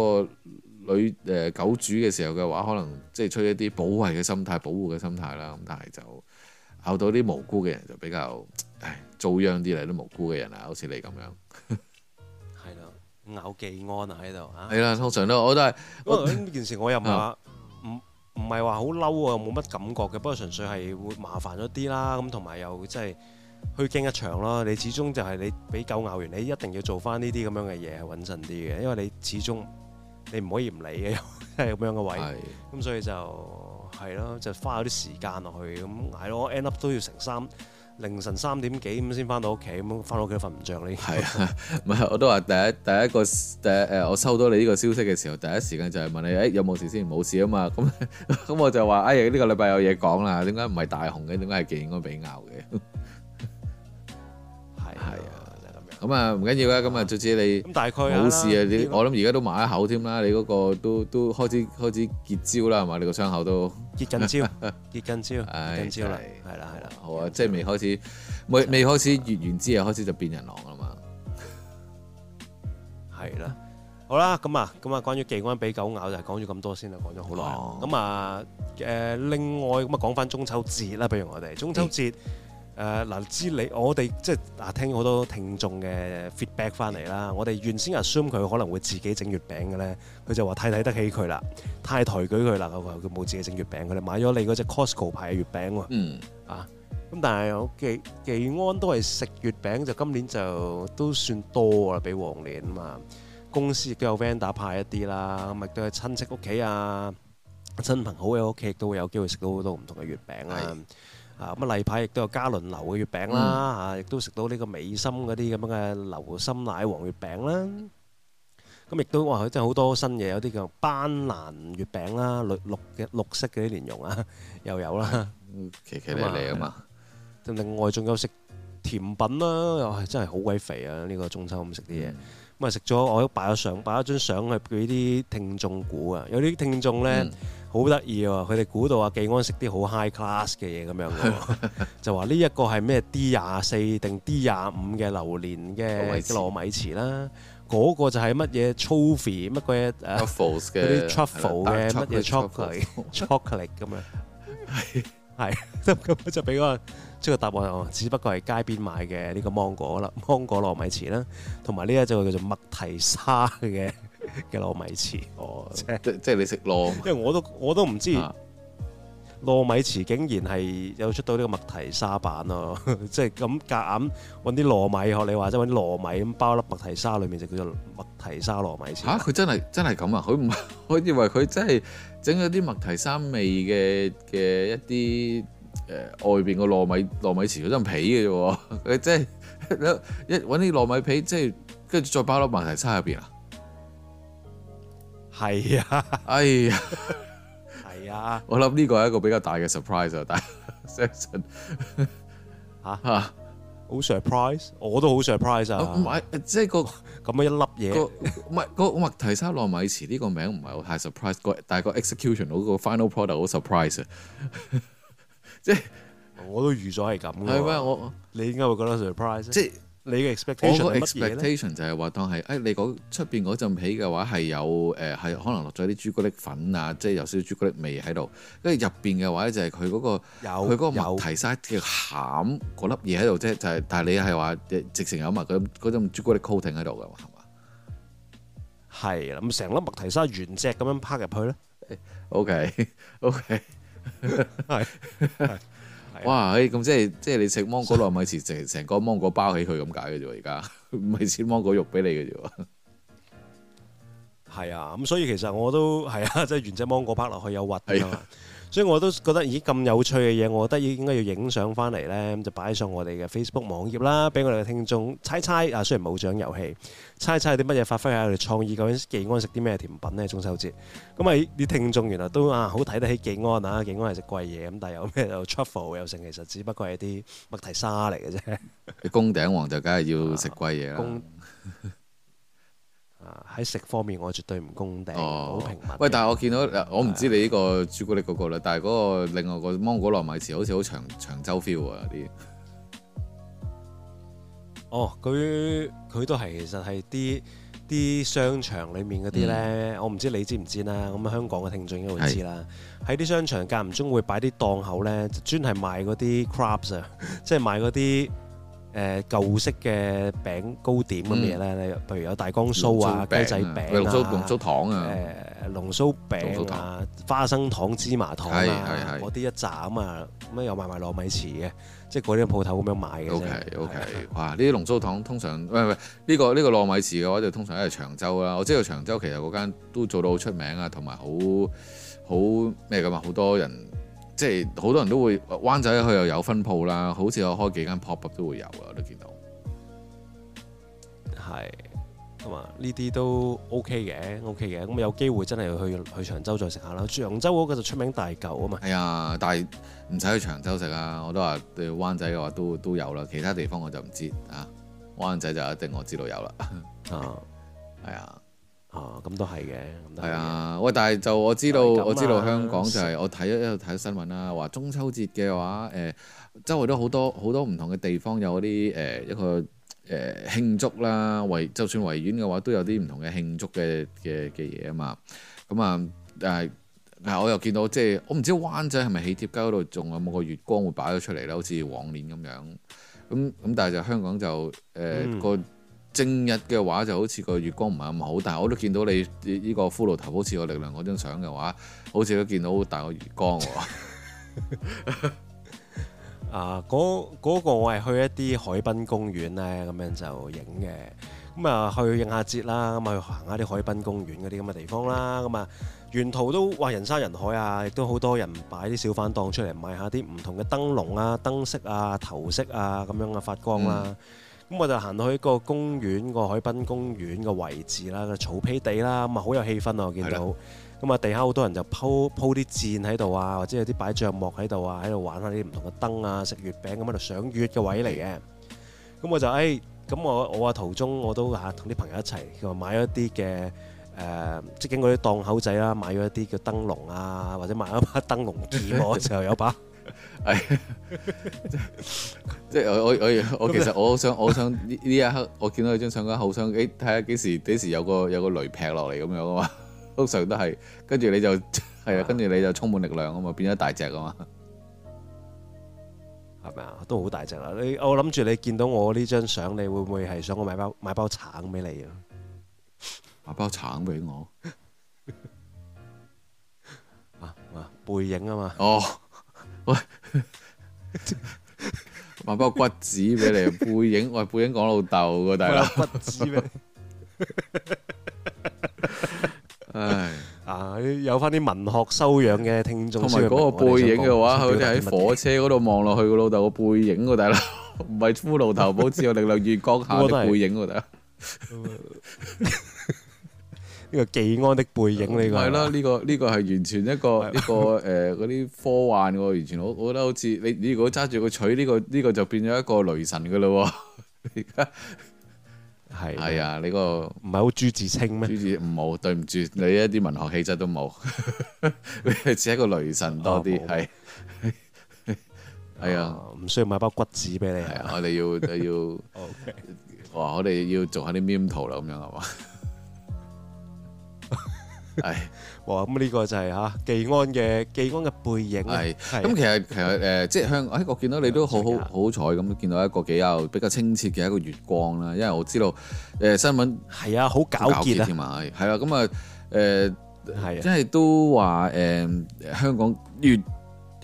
個女誒、呃、狗主嘅時候嘅話，可能即係出一啲保衞嘅心態、保護嘅心態啦。咁但係就咬到啲無辜嘅人就比較唉遭殃啲嚟，都無辜嘅人呵呵啊，好似你咁樣，係咯咬技安啊喺度啊，係啦，通常都我都係，我聽呢件事我又話。嗯唔係話好嬲啊，冇乜感覺嘅，不過純粹係會麻煩咗啲啦，咁同埋又即係虛驚一場咯。你始終就係你俾狗咬完，你一定要做翻呢啲咁樣嘅嘢係穩陣啲嘅，因為你始終你唔可以唔理嘅，係咁樣嘅位，咁是的 所以就係咯，就花咗啲時間落去咁，係咯，end up 都要成三。凌晨三點幾咁先翻到屋企，咁翻到屋企瞓唔着呢？係啊，唔係 我都話第一第一個第誒我收到你呢個消息嘅時候，第一時間就係問你誒、欸、有冇事先，冇事啊嘛？咁、嗯、咁、 嗯、我就話哎呀呢、呢個禮拜有嘢講啦，點解唔係大雄嘅？點解係技安俾狗咬嘅？ 咁啊，唔緊要啦，咁啊，即使你冇事啊，你我諗而家都埋一口添啦，你嗰個都都開始開始結招啦，係嘛？你個傷口都結緊招，結緊招，緊招嚟。係啦，係啦，好啊，即係未開始，未未開始完之後，又開始就變人狼啊嘛，係啦，好啦，咁啊，咁啊，關於技安俾狗咬就係講咗咁多先啦，講咗好耐，咁啊，誒，另外咁啊，講翻中秋節啦，不如我哋中秋節。誒嗱、啊，知你我哋即係、啊、聽咗好多聽眾嘅 feedback 翻嚟啦。我哋原先 assume 佢可能會自己整月餅嘅咧，佢就話太睇得起佢啦，太抬舉佢啦，佢冇自己整月餅，佢哋買咗你嗰隻 Costco 牌嘅月餅喎。啊，咁、嗯啊、但係我記、技安都係食月餅，就今年就都算多啦，比往年啊嘛。公司亦都有 vendor 派一啲啦，咪、就、對、是、親戚屋企啊、親朋好友屋企都會有機會食到好多唔同嘅月餅啦、啊。乜例牌亦都有嘉麟樓嘅月餅啦，嚇、嗯，亦、啊、都食到呢個美心嗰啲咁樣嘅流心奶黃月餅啦。咁亦都話佢真係好多新嘢，有啲叫斑蘭月餅啦，綠綠嘅綠色嘅啲蓮蓉啊，又有啦。嗯啊、奇奇嚟啊嘛！另外仲有食甜品啦、啊，又、哎、係真係好鬼肥啊！呢、呢個中秋咁食啲嘢。嗯咁啊，食咗我擺咗相，擺咗張相係俾啲聽眾估啊！有啲聽眾咧，好得意喎，佢哋估到啊，技安食啲好 high class 嘅嘢咁樣喎，就話呢一個係咩 D 廿四定 D 廿五嘅榴蓮嘅糯米餈啦，嗰個就係乜嘢 trophy 乜鬼嘢誒？truffles 嘅乜嘢 chocolate chocolate 咁樣，係係就俾我。即係個答案哦，只不過係街邊買嘅呢個芒果啦，芒果糯米糍啦，同埋呢一隻叫做麥提沙嘅嘅糯米糍。哦。即 即係你食糯米， 因為我都我都唔知、啊、糯米糍竟然係有出到呢個麥提沙版咯。 即係咁夾硬揾啲糯米學你話，即係揾糯米咁包粒麥提沙裡面就叫做麥提沙糯米糍。嚇！佢真係真係咁啊！佢唔係，我以為佢真係整咗啲麥提沙味嘅嘅一啲。誒外邊個糯米糯米餈嗰張皮嘅啫，佢即係一揾啲糯米皮，即係跟住再包粒麥提沙入邊啊！係啊，哎呀，係啊！我諗呢個係一個比較大嘅 surprise 啊！但嚇嚇好 surprise，我都好 surprise 啊！麥即係個咁嘅一粒嘢，麥個麥提沙糯米餈呢個名唔係好太 surprise，個但係個 execution 嗰個 final product 好 surprise。即係我都預咗係咁嘅喎，我你應該會覺得 surprise。即係你嘅 expectation，expectation 就係話當係誒、哎，你講出邊嗰陣皮嘅話係有誒，係、呃、可能落咗啲朱古力粉啊，即、就、係、是、有少少朱古力味喺度。跟住入邊嘅話就係佢嗰個佢嗰有個麥提沙嘅餡嗰粒嘢喺度啫，就係、是、但係你係話直情有埋嗰種朱古力 coating 喺度嘅，係嘛？係咁成粒麥提沙原隻咁樣拋入去咧。OK，OK、okay, okay, okay.。係 哇，咁即係即係你食芒果糯米糍，成成 個芒果包起佢咁解嘅啫，而家唔係切芒果肉俾你嘅啫。係啊，咁所以其實我都係啊，即係原隻芒果包落去有核噶 所以我都覺得，咦咁有趣嘅嘢，我覺得應應該要影相翻嚟呢，就擺上我哋嘅 Facebook 網頁啦，俾我哋嘅聽眾猜猜啊！雖然冇獎遊戲，猜猜啲乜嘢發揮下我哋創意，究竟技安食啲咩甜品呢？中秋節咁啊！啲聽眾原來都啊好睇得起技安啊！技安係食貴嘢咁，但係有咩又 truffle 又成，其實只不過係啲麥提沙嚟嘅啫。宮頂王就梗係要食貴嘢啦。啊 喺食方面，我絕對唔公頂，好、哦、平民。喂，但係我見到，我唔知你呢個朱古力嗰、嗰個咧，是但係嗰個另外個芒果糯米糍好似好長長洲 feel 啊啲。哦，佢佢都係其實係啲啲商場裡面嗰啲咧，嗯、我唔知你知唔知啦。咁香港嘅聽眾應該會知啦。喺啲是商場間唔中會擺啲檔口咧，就專係賣嗰啲 crabs 啊， 即係賣嗰啲。誒、欸、舊式嘅餅糕點咁嘢咧，譬、嗯、如有大江酥啊、雞仔餅龍酥糖啊、誒、呃、龍酥餅龍花生糖、芝麻糖啊嗰啲一紮咁啊，咁啊有賣賣糯米糍嘅，即係嗰啲鋪頭咁樣賣嘅 OK OK，啊、哇！呢啲龍酥糖通常，唔係呢個呢、呢個呢個糯米糍嘅話就通常係長洲啊。我知道長洲其實嗰間都做到好出名啊，同埋好好咩噶嘛，好多人。即係好多人都會灣仔佢又有分鋪啦，好似我開幾間 pop up 都會有啊。我都見到。係，啊嘛呢啲都 OK 嘅，OK 嘅，咁有機會真係要去去長洲再食下啦。長洲嗰個就出名大嚿啊嘛。係啊，但係唔使去長洲食啊，我都話對灣仔嘅話都都有啦。其他地方我就唔知啊。灣仔就一定我知道有啦。啊，係啊。哦、啊，咁都係嘅，係啊，喂，但係就我知道，啊、我知道香港就係我睇一睇新聞啦，話中秋節嘅話，誒、呃，周圍都好多好多唔同嘅地方有啲誒、呃嗯、一個誒、呃、慶祝啦，圍就算維園嘅話都有啲唔同嘅慶祝嘅嘅嘅嘢啊嘛，咁、嗯、啊，但係但係我又見到即係、就是、我唔知灣仔係咪喜帖街嗰度仲有冇個月光會擺咗出嚟咧？好似往年咁樣，咁咁但係就香港就誒個。呃嗯正日嘅話就好似個月光唔係咁好，但係我都見到你呢個骷髏頭好似個力量嗰張相嘅話，好似都見到好大個月光喎。 啊，嗰、嗰個我係去一啲海濱公園呢，咁樣就影嘅。咁啊，去影下節啦，咁啊去行下啲海濱公園嗰啲咁嘅地方啦。咁啊，沿途都話人山人海啊，亦都好多人擺啲小販檔出嚟賣下啲唔同嘅燈籠啊、燈飾啊、頭飾啊咁樣嘅發光啦、啊。嗯咁我就行到去一個公園個海濱公園個位置啦，個草皮地啦，咁啊好有氣氛啊！我見到，咁啊地下好多人就鋪鋪啲箭喺度啊，或者有啲擺帳幕喺度啊，喺度玩下啲唔同嘅燈啊，食月餅咁喺度賞月嘅位嚟嘅。咁、嗯、我就誒，咁、哎、我我啊途中我都嚇同啲朋友一齊，佢話買咗啲嘅誒，即經過啲檔口仔啦，買咗一啲嘅燈籠啊，或者買咗把燈籠旗，我又有把。係， 即係我我我，我其實我想我想呢呢一刻我見到你張相架好想欸睇下幾時幾時有個有個雷劈落嚟咁樣啊嘛， 通常都係跟住你就係啊跟住你就充滿力量啊嘛，變咗大隻啊嘛，係咪啊？都好大隻啊！我你我諗住你見到我呢張相，你會唔會係想我買包買包橙俾你啊？買包橙俾我啊啊！ 背影啊嘛哦。Oh. 喂，買把我骨子俾你背影，喂背影講老豆個大佬骨子俾你。 唉，啊有翻啲文學修養嘅聽眾，同埋嗰個背影嘅話，佢好似喺火車嗰度望落去個老豆個 背影個大佬，唔係骷髏頭，好似有力量月光下嘅背影個大佬。 呢、這個技安的背影呢個係咯，呢個呢個係完全一個 一個誒嗰啲科幻完全我我覺得好似你你如果揸住個錘呢、這個呢、這個就變咗一個雷神噶咯，而家係係啊你個唔係好朱自清咩？朱自唔好對唔住你一啲文學氣質都冇，似 係一個雷神多啲係係啊，唔、 哎、呀需要買包骨子俾你， 我哋要要，要 哇我哋要做下啲 meme 圖啦，咁樣係嘛？係，哎、哇！咁呢個就係、是、吓，技、啊、安嘅技安嘅背影。係是，咁、啊、其實其實誒、呃，即係香、哎，我見到你都、嗯、好好好彩咁，見到一個幾有比較清澈嘅一個月光啦。因為我知道誒、呃、新聞係啊，好糾結添嘛，係啦，咁啊，誒、呃、係，即係都話誒、呃、香港月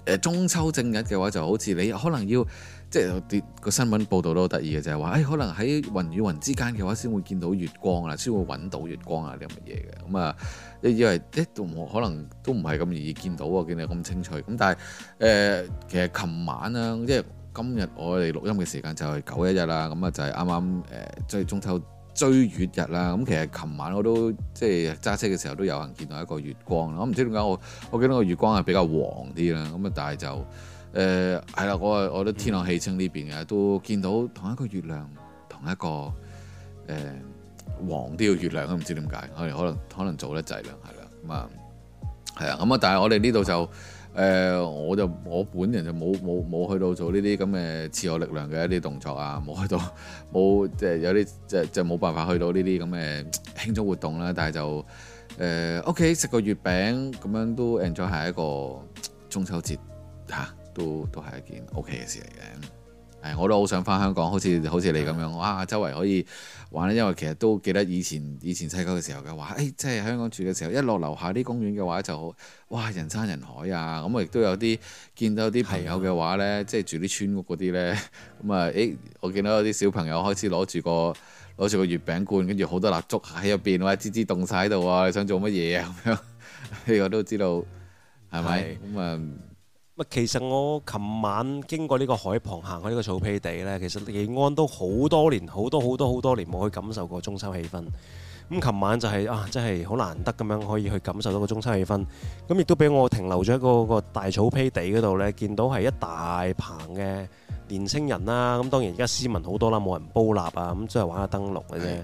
誒中秋正日嘅話，就好似你可能要。即係嗰個新聞報導都好得意嘅，就係話，誒可能喺雲與雲之間嘅話，先會見到月光啊，先會揾到月光啊啲咁嘅嘢嘅。咁啊，你以為一度可能都唔係咁容易見到啊，見你咁清楚。咁但係誒，其實琴晚啊，即係今日我哋錄音嘅時間就係九一日啦。咁啊就係啱啱誒即係中秋追月日啦。咁其實琴晚我都即係揸車嘅時候都有人見到一個月光啦。我唔知點解我我見到個月光係比較黃啲啦。咁啊但係就。誒係啦，我我覺得天朗氣清呢邊嘅，都見到同一個月亮，同一個誒黃啲嘅月亮，都唔知點解，可能可能可能做得滯啦，係啦咁啊係啊咁啊。但係我哋呢度就誒、呃，我就我本人就冇冇冇去到做呢啲咁嘅自我力量嘅一啲動作啊，冇去到冇即係有啲即即冇辦法去到呢啲咁嘅輕鬆活動啦。但係就誒屋企食個月餅咁樣都 enjoy 係一個中秋節嚇。都都係一件 O K 嘅事嚟嘅，我都好想返香港，好似好似你咁樣，哇、啊，周圍可以玩，因為其實都記得以前以前細個嘅時候嘅話，誒，即係香港住嘅時候，一落樓下啲公園嘅話就好，哇，人山人海啊，咁啊，亦、嗯、都有啲見到啲朋友嘅話呢，即係住啲村屋嗰啲呢。咁啊，誒，我見到有啲小朋友開始攞住個攞住個月餅罐，跟住好多蠟燭喺入邊，哇，吱吱動晒喺度啊，你想做乜嘢啊？咁樣，呢個都知道係咪？咁啊。其實我琴晚經過呢個海旁行去呢個草皮地呢。其實利安都好多年，好多好多好多年冇去感受過中秋氣氛。咁、嗯、琴晚就係、是、啊，真係好難得咁樣可以去感受到個中秋氣氛。咁、嗯、亦都俾我停留咗一嗰個，個大草皮地嗰度呢，見到係一大棚嘅年輕人啦。咁、啊、當然而家斯文好多啦，冇人煲蠟啊，咁即係玩下燈籠嘅啫。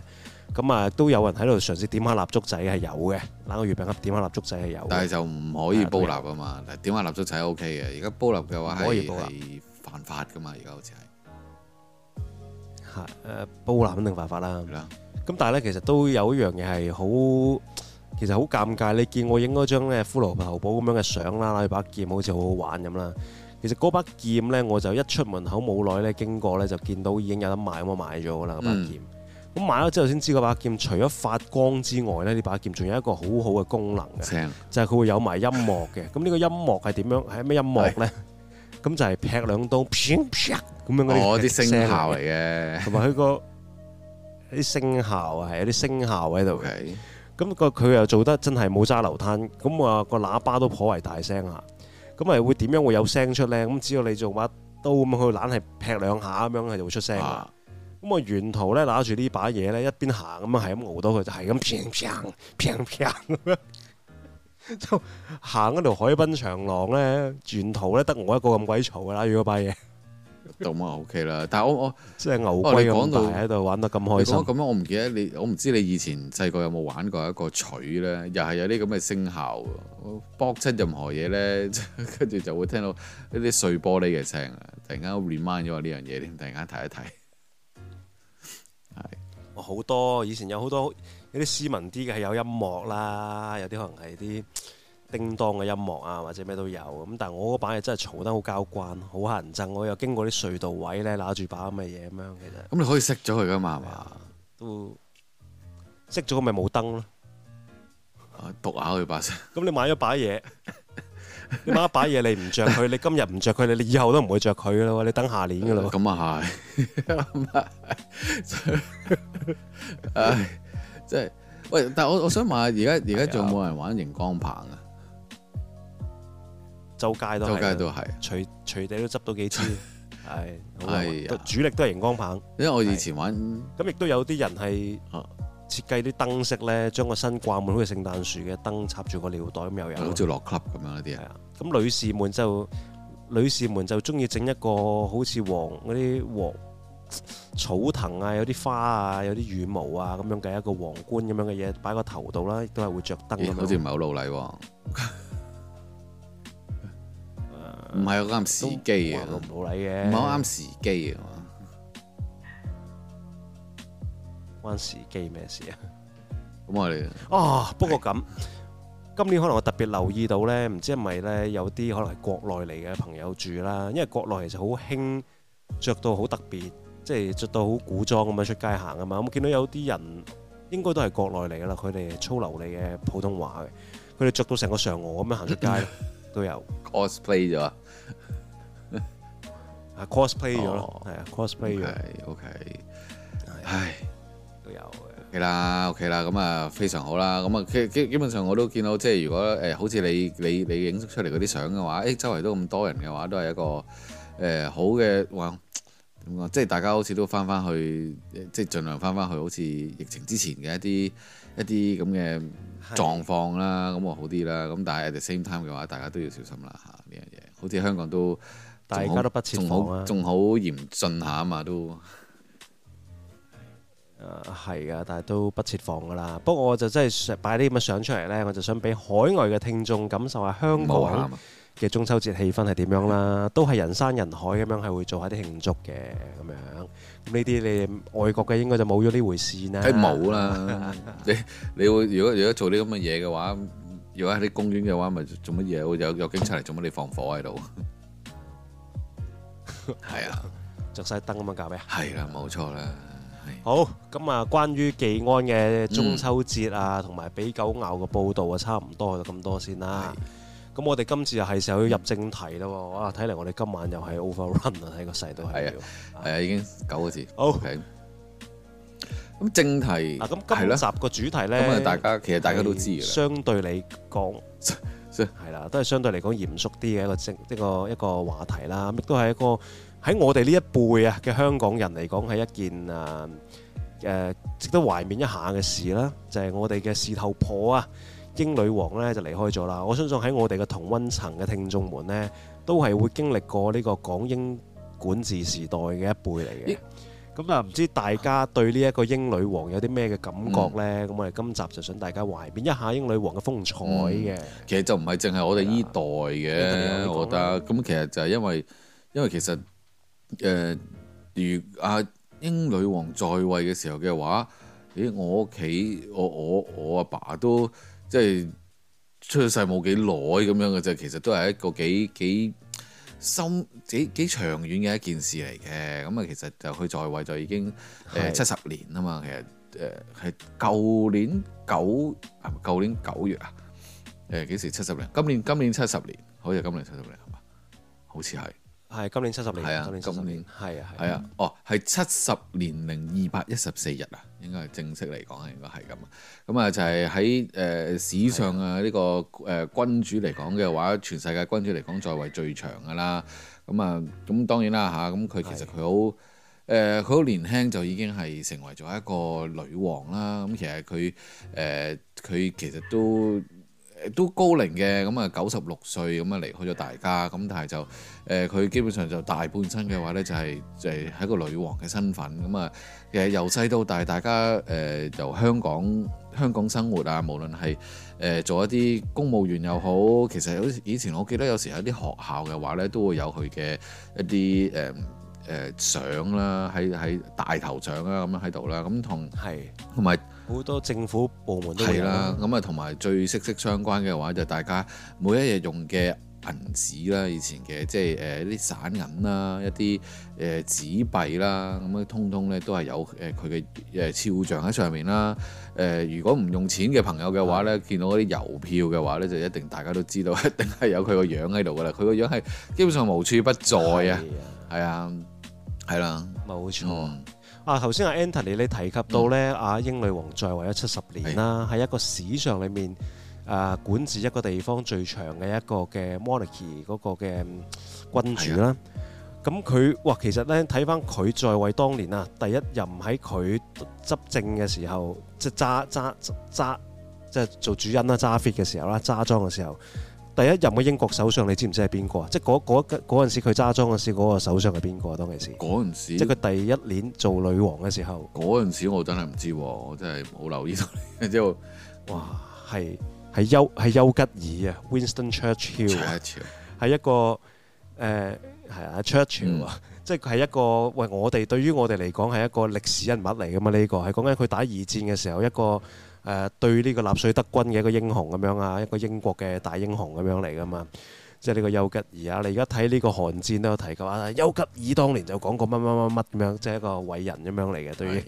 咁啊、嗯，都有人喺度嘗試點下蠟燭仔，係有嘅。攞個月餅盒點下蠟燭仔係有。但係就唔可以煲蠟啊嘛。對點下蠟燭仔 O K 嘅。而家煲蠟嘅話係犯法噶嘛，而家好似係、啊。煲蠟肯定犯法啦。咁的、嗯、但係咧，其實都有一樣嘢係好，其實好尷尬。你見我影嗰張咧《骷髏頭堡》咁樣嘅相啦，攞把劍，好似好好玩咁啦。其實嗰把劍咧，我就一出門口冇耐咧，經過咧就見到已經有得買，咁我買咗噶啦，嗰把劍、嗯。咁買咗之後先知，嗰把劍除咗發光之外咧，呢把劍仲有一個好好嘅功能嘅，棒就係佢會有埋音樂嘅。咁呢個音樂係點樣？係咩音樂咧？咁是 就係劈兩刀，咁噢樣嗰啲哦聲效嚟嘅，同埋佢個啲聲效啊，係有啲聲效喺度，咁個佢又做得真係冇揸流攤，咁、那、啊個喇叭都頗為大聲啊。咁啊會點樣會有聲出咧？咁只要你做把刀咁，佢懶係劈兩下咁樣，佢就會出聲。咁啊！ 沿途咧，拿住呢把嘢咧，一邊行咁啊，係咁熬到佢就係咁，砰砰砰砰咁樣就行。嗰條海濱長廊咧，沿途咧得我一個咁鬼嘈噶啦。如果把嘢，咁啊 OK 啦。但係我我即係牛龜咁大喺度玩得咁開心。咁樣，我唔記得你，我唔知你以前細個有冇玩過一個錘咧，又係有啲咁嘅聲效，搏出任何嘢咧，跟 住就會聽到一啲碎玻璃嘅聲啊！突然間 remind 咗我呢樣嘢添，突然間睇一睇。係好是、哦、多以前有好多有啲斯文啲嘅係有音樂啦，有啲可能係啲叮當嘅音樂啊，或者咩都有咁。但係我嗰把嘢真係嘈得好交關，好嚇人憎。我又經過啲隧道位咧，拿住把咁嘅嘢咁樣，其實咁你可以熄咗佢㗎嘛，係嘛的？都熄咗咪冇燈咯。毒、啊、下佢把聲。咁你買咗把嘢？ 你買一把嘢，你唔着佢，你今日唔着佢，你你以後都唔會着佢噶啦，你等下年噶啦。咁啊係，即係，喂，但係我我想問下，而家而家仲有冇人玩熒光棒啊？周街都，周街都係，隨隨地都執到幾支，係係主力都係熒光棒。因為我以前玩，咁亦都有啲人係。設計啲燈飾咧，將個身掛滿好似聖誕樹嘅燈，插住個尿袋咁又有，好似落 club 咁樣嗰啲啊。咁女士們就，女士們就中意整一個好似黃嗰啲黃草藤啊，有啲花啊，有啲羽毛啊咁樣嘅一個皇冠咁樣嘅嘢，擺個頭度啦，亦都係會着燈咁、欸、麼好似唔係好老禮喎，唔係啊，啱時 機啊，唔老禮嘅，唔好啱時機啊。關時機咩事啊？咁我哋啊，嗯、不過咁， 今年可能我特別留意到咧，唔知係咪咧有啲可能係國內嚟嘅朋友住啦，因為國內其實好興着到好特別，即係着到好古裝咁樣出街行啊嘛。我見到有啲人應該都係國內嚟噶啦，佢哋粗流利嘅普通話嘅，佢哋着到成個嫦娥咁樣行出街 都有 cosplay 咗，Cos play 啊 cosplay 咗，係啊 cosplay 咗，OK，, okay 唉。都有嘅啦，OK 啦，OK 啦，咁啊非常好啦，咁啊基基基本上我都見到，即係如果誒、呃、好似你你你影出嚟嗰啲相嘅話，誒周圍都咁多人嘅話，都係一個誒、呃、好嘅話點講，即係大家好似都返返去，即係儘量返返去，去，好似疫情之前嘅一啲一啲咁嘅狀況啦，咁話的好啲啦。咁但係 at the same time 嘅話，大家都要小心啦嚇呢樣嘢。好似香港都大家都不切防仲、啊、好，好，好嚴峻下啊嘛都。誒係啊，但係都不設防噶啦。不過我就真係擺啲咁嘅相出嚟咧，我就想俾海外嘅聽眾感受下香港嘅中秋節氣氛係點樣啦。都係人山人海咁樣係會做下啲慶祝嘅咁樣。咁呢啲你外國嘅應該就冇咗呢回事啦。係冇啦，你你會如果如果做啲咁嘅嘢嘅話，如果喺啲公園嘅話，咪做乜嘢？會有有警察嚟做乜？你放火喺度？係啊，着晒燈咁樣搞咩？係啦，冇錯啦。好咁啊！關於技安嘅中秋節啊，同埋俾狗咬嘅報道啊，差唔多咁多先啦。咁我哋今次又係時候要入正題啦喎！哇，睇嚟我哋今晚又係 overrun 啦，喺個世度。係啊，係啊，已經九個字。好，咁正題啊，咁今集個主題咧，咁啊，大家其實大家都知嘅，相對嚟講，係啦，都係相對嚟講嚴肅啲嘅一個正一個一個話題啦，亦都係一個。喺我哋呢一輩啊嘅香港人嚟講，係一件誒誒值得懷緬一下嘅事啦，就係我哋嘅事頭婆啊，英女王呢就離開咗啦。我相信喺我哋嘅同温層嘅聽眾們呢，都係會經歷過呢個港英管治時代嘅一輩嚟嘅。咁啊，唔知大家對呢一個英女王有啲咩嘅感覺呢？咁我哋今集就想大家懷緬一下英女王嘅風采嘅。其實就唔係淨係我哋呢代嘅，我覺得。咁其實就係因為因為其實。誒、呃，如阿、啊、英女王在位嘅時候嘅話，誒，我屋企，我我我阿爸，爸都即係出世冇幾耐咁樣嘅啫。其實都係一個幾幾深、幾幾長遠嘅一件事嚟嘅。咁、嗯、啊，其實就佢在位就已經誒七十年啊嘛。其實誒係舊年九，舊年九月啊。誒、呃、幾時七十年？今年今年七十年，好似今年七十年係嘛？好似係。係今年七十年，係啊，今年係年啊，係啊，啊哦，係七十年零二百一十四日啊，應該係正式嚟講，應該係咁咁啊，就係喺誒史上啊呢、這個誒、呃、君主嚟講嘅話，全世界君主嚟講在位最長㗎喇。咁、嗯、啊，咁、嗯嗯、當然啦吓，咁、啊、佢其實佢好誒，佢好、啊呃、年輕就已經係成為咗一個女王啦。咁、嗯、其實佢誒，佢、呃、其實都。都高齡嘅咁啊，九十六歲咁啊，離開咗大家咁，但係就誒，佢、呃、基本上就大半生嘅話呢，就係誒一個女王嘅身份咁啊。其、嗯、實由細到大，大家誒、呃、由香港香港生活啊，無論係誒、呃、做一啲公務員又好，其實有以前我記得有時喺啲學校嘅話呢，都會有佢嘅一啲誒誒相啦、啊，喺喺大頭像啦咁樣喺度啦，咁、嗯、同係同埋。的好多政府部門都係啦，咁啊同埋最息息相關嘅話就是、大家每一日用嘅銀紙啦，以前嘅即係誒啲散銀啦，一啲誒、呃、紙幣啦，咁樣通通咧都係有誒佢嘅誒肖像喺上面啦。誒、呃、如果唔用錢嘅朋友嘅話咧，見的到嗰啲郵票嘅話咧，就一定大家都知道，一定係有佢個樣喺度噶啦。佢個樣係基本上無處不在啊，係啊的，係啦，冇錯。處啊，頭先阿 Anthony 你提及到咧，阿、嗯啊、英女王在位咗七十年啦，係的一個史上裏面誒、啊、管治一個地方最長嘅一個嘅 monarchy 嗰個嘅君主啦。咁佢的哇，其實咧睇返佢在位當年啊，第一任喺佢執政嘅時候，即係揸揸揸，即係、就是、做主人啦，揸 fit 嘅時候啦，揸莊嘅時候。第一任嘅英國首相，你知唔知係邊個啊？即係嗰嗰陣時佢揸莊嗰時候，嗰、嗰個首相係邊個啊？當其時，嗰陣時即係佢第一年做女王嘅時候，嗰陣時我真係唔知，我真係冇留意到。然之後，哇，係係丘係丘吉爾啊，Winston Churchill，係 Churchill 一個誒係啊 Churchill 啊，Churchill，嗯、即係一個喂，我哋對於我哋嚟講係一個歷史人物嚟噶嘛？呢、呢個係講緊佢打二戰嘅時候一個。誒、呃、對呢個納粹德軍嘅一個英雄咁樣啊，一個英國嘅大英雄咁樣嚟噶嘛，即係呢個丘吉爾啊！你而家睇呢個寒戰都有提及啊，丘吉爾當年就講過乜乜乜乜咁樣，即係一個偉人咁樣嚟嘅，是的 對於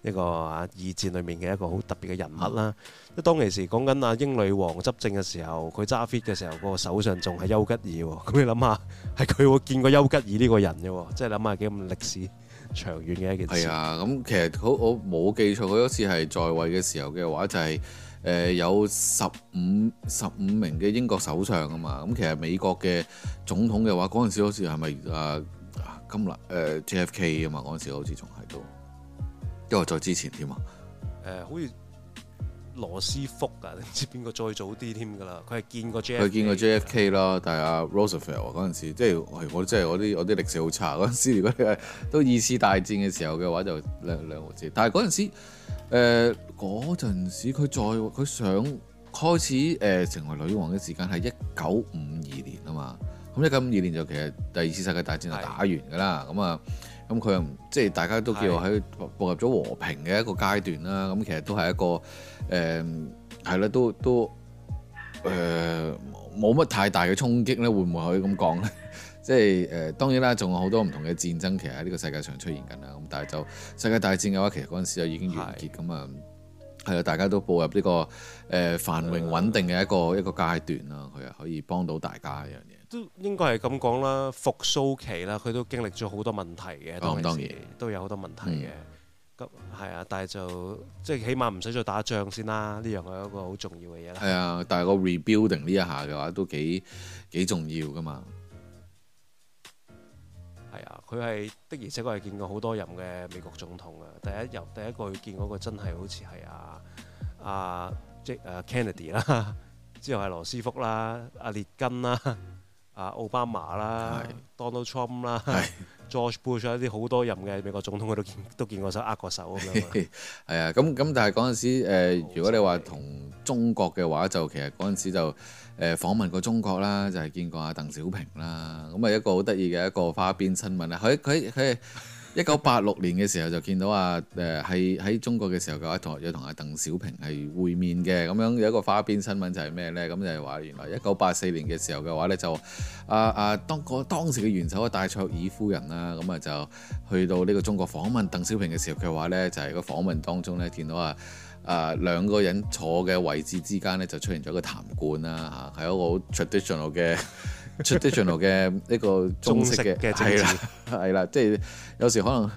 一個啊二戰裡面嘅一個好特別嘅人物啦。即、啊、當其時講緊啊英女王執政嘅時候，佢揸 fit 嘅時候，個首相仲係丘吉爾喎。咁你諗下，係佢會見過丘吉爾呢個人嘅喎、啊，即係諗下幾咁歷史。長遠嘅一件事係啊，咁、嗯、其實好，我冇記錯，嗰一次係在位嘅時候嘅話，就係、是、誒、呃、有十五十五名嘅英國首相啊嘛。咁、嗯、其實美國嘅總統嘅話，嗰陣時好似係咪啊金立誒、呃、JFK 啊嘛？嗰陣時好似仲喺度，因為再之前添啊。誒、呃，好似。羅斯福啊，你知邊個再早啲添㗎啦？佢係見，見過 J 佢見過 JFK 啦，的但係阿羅斯福嗰陣時，即係我即係我啲我啲歷史好差，嗰陣時，如果你係都二次大戰嘅時候嘅話，就兩兩個字。但係嗰陣時，誒嗰陣時佢再佢上開始誒成為女王嘅時間係一九五二年啊嘛。咁一九五二年就其實第二次世界大戰就打完㗎啦。咁啊的。咁佢又即係大家都叫喺步入咗和平嘅一個階段啦。咁的其實都係一個誒，係、呃、啦，都都誒冇乜太大嘅衝擊咧。會唔會可以咁講咧？ 即係誒、呃，當然啦，仲有好多唔同嘅戰爭，其實喺呢個世界上出現緊啦。咁但係就世界大戰嘅話，其實陣時就已經完結噶啊，係啊的，大家都步入呢、這個誒、呃、繁榮穩定嘅一個的一個階段啦。佢又可以幫到大家一樣。都應該係咁講啦，復甦期啦，佢都經歷咗好多問題嘅。哦、當陣時當然都有好多問題嘅，咁係啊，嗯、但係就即係起碼唔使再打仗先啦。呢樣係一個好重要嘅嘢啦。係啊，但係個 rebuilding 呢一下嘅話都幾幾重要㗎嘛。係啊，佢係的而且確係見過好多任嘅美國總統啊。第一任第一個佢見嗰個真係好似係啊，阿即係 Kennedy 啦、啊，之後係羅斯福啦，阿、啊啊、列根啦。啊啊，奧巴馬啦，Donald Trump 啦，George Bush，一啲好多任嘅美國總統，佢都見都見過手握過手咁樣。係啊， 咁咁但係嗰陣時，呃哦、如果你話同中國嘅話，就其實嗰陣時就誒、呃、訪問過中國啦，就係、係、見過阿鄧小平啦。咁啊一個好得意嘅一個花邊新聞啊，佢佢佢。一九八六年嘅時候就見到啊，誒係喺中國嘅時候嘅話，同學友同阿鄧小平係會面嘅，咁樣有一個花邊新聞就係咩呢？咁就係話原來一九八四年嘅時候嘅話呢就啊啊當個當時嘅元首啊戴卓爾夫人啦、啊，咁啊就去到呢個中國訪問鄧小平嘅時候嘅話呢就係、係、個訪問當中呢見到啊啊兩個人坐嘅位置之間呢，就出現咗個痰罐啦嚇，係一個好 traditional 嘅。traditional 嘅一個中式嘅，係啦，係啦，即係、就是、有時可能，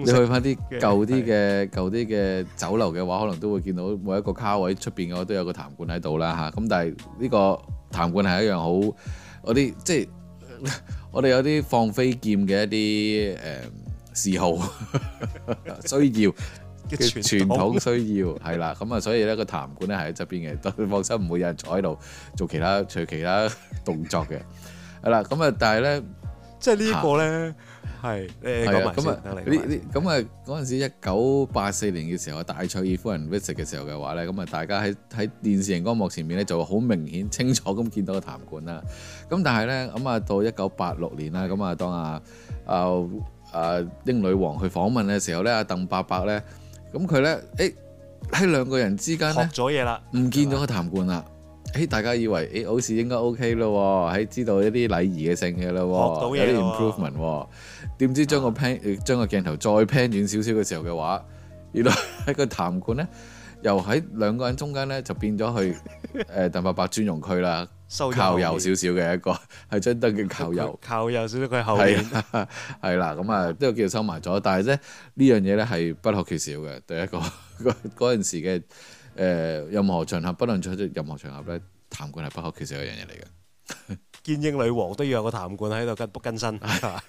你去返啲舊啲嘅、舊啲嘅酒樓嘅話，可能都會見到每一個卡位出邊嘅話都有個痰罐喺度啦嚇。咁但係呢個痰罐係一樣好我啲即係我哋有啲放飛劍嘅一啲誒、嗯、嗜好 需要。傳統需要係啦，咁啊， 所以呢個痰罐咧係喺側邊嘅，放心唔會有人坐喺度做其他除其他動作嘅，係 啦，咁啊，但係咧，即係呢個咧係誒講埋先，咁啊，呢咁啊嗰陣時一九八四年嘅時候，戴卓爾夫人 visit 嘅時候嘅話咧，咁啊，大家喺喺電視熒光幕前面咧，就好明顯清楚咁見到個痰罐啦。咁但係咧，咁啊到一九八六年啦，咁啊當啊啊啊，啊英女王去訪問嘅時候咧，阿、啊、鄧伯伯咧。咁佢咧，誒喺、欸、兩個人之間咧，學咗嘢啦，唔見咗個痰罐啦。誒吧、欸，大家以為誒好似應該 OK 咯，喺、欸、知道一啲禮儀嘅性嘅咯，有啲 improvement。點知、啊、將個 pan，將個鏡頭再 pan 遠少少嘅時候嘅話，原來喺個痰罐咧，又喺兩個人中間咧就變咗去誒、 呃、鄧伯伯專用區啦。靠右少少嘅一個，係張凳嘅靠右，靠右少少佢後邊，係啦，咁啊，都叫收埋咗。但係咧呢樣嘢咧係不可缺少嘅，第一個嗰嗰陣時嘅誒，任何場合，不論在任何場合咧，談冠係不可缺少嘅樣嘢嚟嘅。見英女王都要有個談冠喺度跟跟身 是吧，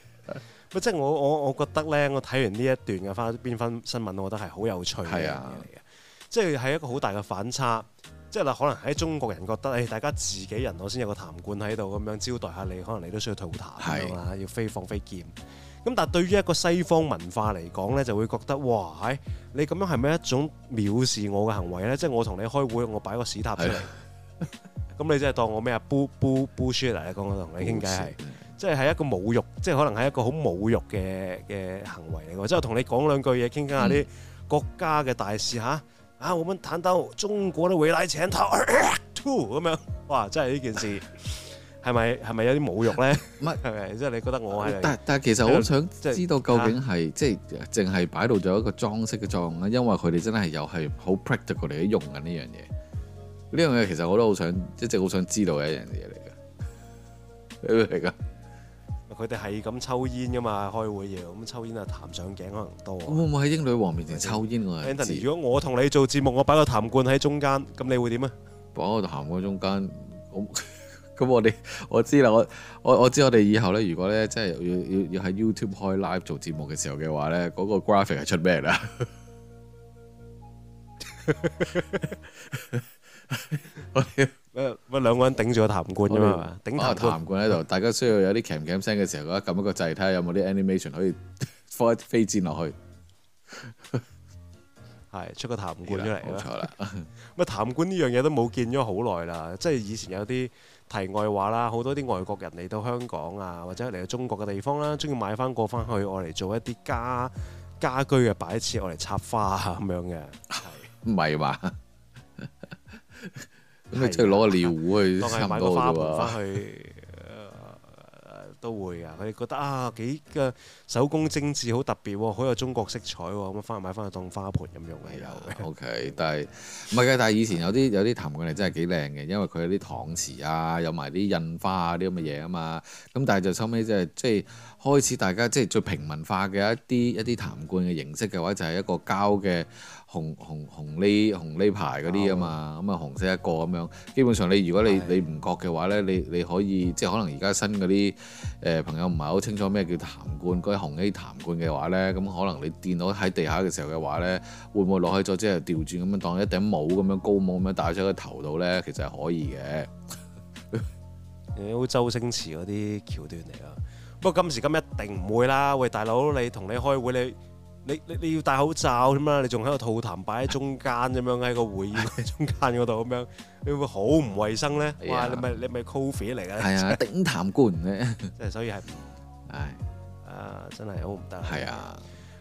唔即係我我我覺得咧，我睇完呢一段嘅花邊翻新聞，我覺得係好有趣嘅樣即係係一個好大嘅反差。即係可能喺中國人覺得，誒，大家自己人，我先有個痰罐喺度咁樣招待下你，可能你都需要吐痰啊，要飛放飛劍。咁但係對於一個西方文化嚟講呢，就會覺得哇，欸，你咁樣係咪一種藐視我嘅行為呢？即係我同你開會，我擺個屎塔出嚟，咁是 你真係當我咩啊？boo boo boo shit 嚟講我同你傾偈，即係一個侮辱，即、就、係、是、可能係一個好侮辱嘅嘅行為嚟喎。即係同你講兩句嘢，傾傾下啲國家嘅大事嚇。 啊！我們坦白，中國嘅偉大，請託 r t w o 咁樣，哇！真係呢件事係咪係咪有啲侮辱咧？唔係， 即係 你覺得我係。但但係其實我好想知道究竟係即係淨係擺到咗一個裝飾嘅作用咧，因為佢哋真係又係好 practical 嚟用緊呢樣嘢。呢樣嘢其實我都好想一直好想知道嘅一樣嘢嚟㗎。嚟㗎？佢哋係咁抽煙噶嘛，開會嘢。咁抽煙啊，痰上頸可能多。會唔會喺英女皇面前抽煙㗎的？Anthony，如果我同你做節目，我擺個痰罐喺中間，咁你會點啊？擺喺度痰罐中間，咁咁我哋 我，我知啦，我我我知，我哋以後咧，如果咧真係要要要喺 YouTube 開 live 做節目嘅時候嘅話咧，嗰、那個 graphic 係出咩啦？哈哈 乜兩個人頂住個痰罐啫嘛，頂個痰罐喺度，大家需要有啲鉗鉗聲嘅時候，嗰一撳一個掣，睇下有冇啲 animation 可以放一飛箭落去，係 出個痰罐出嚟啦。冇錯啦，乜痰罐呢樣嘢都冇見咗好耐啦。即係以前有啲題外話啦，好多啲外國人嚟到香港啊，或者嚟到中國嘅地方啦，中意買翻過翻去，我嚟做一啲家家居嘅擺設，我嚟插花啊咁樣嘅，唔係嘛？ 是吧 咁啊，即係攞個尿壺去，當係買個花盆翻去， 都會啊！佢哋覺得啊，幾嘅手工精緻，好特別喎，好有中國色彩喎！咁啊，翻去買翻去當花盆咁用嘅又 O K，但係唔係嘅。但係以前有啲有啲壇罐嚟，真係幾靚嘅，因為佢有啲搪瓷啊，有埋啲印花啊啲咁嘅嘢啊嘛。咁但係就收尾、就是、即係即係開始，大家即係最平民化嘅一啲一啲壇罐嘅形式嘅話，就係、是、一個膠嘅。紅紅紅呢紅呢排嗰啲啊嘛，咁啊、哦嗯、紅色一個咁樣。基本上你如果你是的 你唔覺嘅話,、呃、話呢，你你可以即係可能而家新嗰啲誒朋友唔係好清楚咩叫痰罐，嗰啲紅呢痰罐嘅話呢，咁可能你墊到喺地下嘅時候嘅話呢，會唔會落喺咗之後調轉咁當一頂帽咁樣高帽咁樣戴喺個頭度呢？其實係可以嘅。誒、 欸，好周星馳嗰啲橋段嚟啊。不過今時今日一定唔會啦。喂，大佬，你同你開會你。你你你要戴口罩咁啊！你仲喺個吐痰擺喺中間咁樣喺個會議中間嗰度咁樣，你會好唔衞生咧！哇！你咪你咪 coffee 嚟啊！係啊，頂談官咧！即係所以係係 啊，真係的好唔得。係、嗯、啊，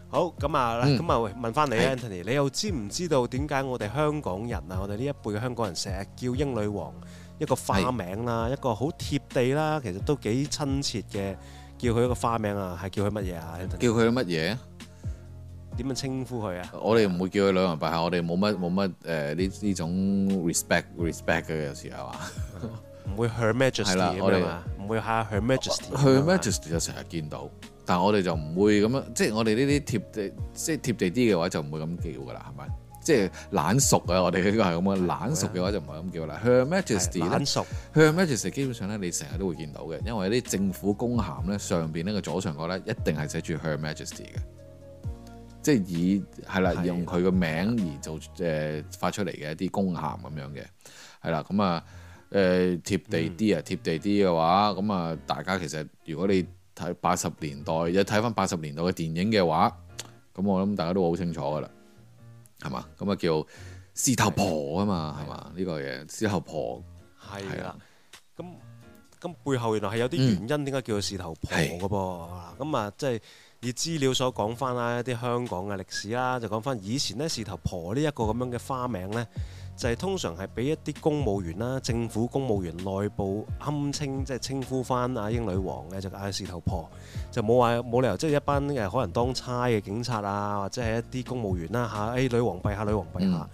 好咁啊，咁啊問翻你啊，Anthony，你又知唔知道點解我哋香港人啊，我哋呢一輩嘅香港人成日叫英女王一個花名啦，的一個好貼地啦，其實都幾親切嘅，叫佢一個花名啊，係叫佢乜嘢啊？叫佢乜嘢？點樣稱呼佢啊？ 我哋唔會叫佢女王陛下，我哋冇乜冇乜誒呢呢種 respect respect 嘅有時候啊，唔 會 Her Majesty 係啦，我哋唔會下 Her Majesty, Her Majesty。Her Majesty 就成日見到，但係我哋就唔會咁樣，即係我哋呢啲貼地，即係貼地啲嘅話就唔會咁叫噶啦，係咪？即係懶熟啊！我哋呢個係咁啊， 對 懶熟嘅話就唔係咁叫啦。對 Her Majesty 懶熟，Her Majesty 基本上咧你成日都會見到嘅，因為一啲政府公函咧上邊呢個左上角咧一定係寫住 Her Majesty 嘅。即係以係啦，用佢個名而做誒、呃、發出嚟嘅一啲公函咁樣嘅，係啦咁啊誒貼地啲啊，貼地啲嘅話，咁啊大家其實如果你睇八十年代，有睇翻八十年代嘅電影嘅話，咁我諗大家都好清楚嘅啦，係嘛？咁啊叫事頭婆啊嘛，係嘛？呢個嘢事頭婆係啦，咁咁背後原來係有啲原因點解叫做事頭婆嘅噃、嗯？咁啊即係。而資料所講翻啦，一啲香港嘅歷史啦，就講翻以前呢事頭婆呢一個咁樣嘅花名呢，就係、是、通常係俾一啲公務員啦、政府公務員內部暗稱，即、就、係、是、稱呼翻阿英女皇嘅就嗌事頭婆，就冇話冇理由，即、就、係、是、一班可能當差嘅警察啊，或者係一啲公務員啦、啊、嚇，哎女皇陛下，女皇陛下，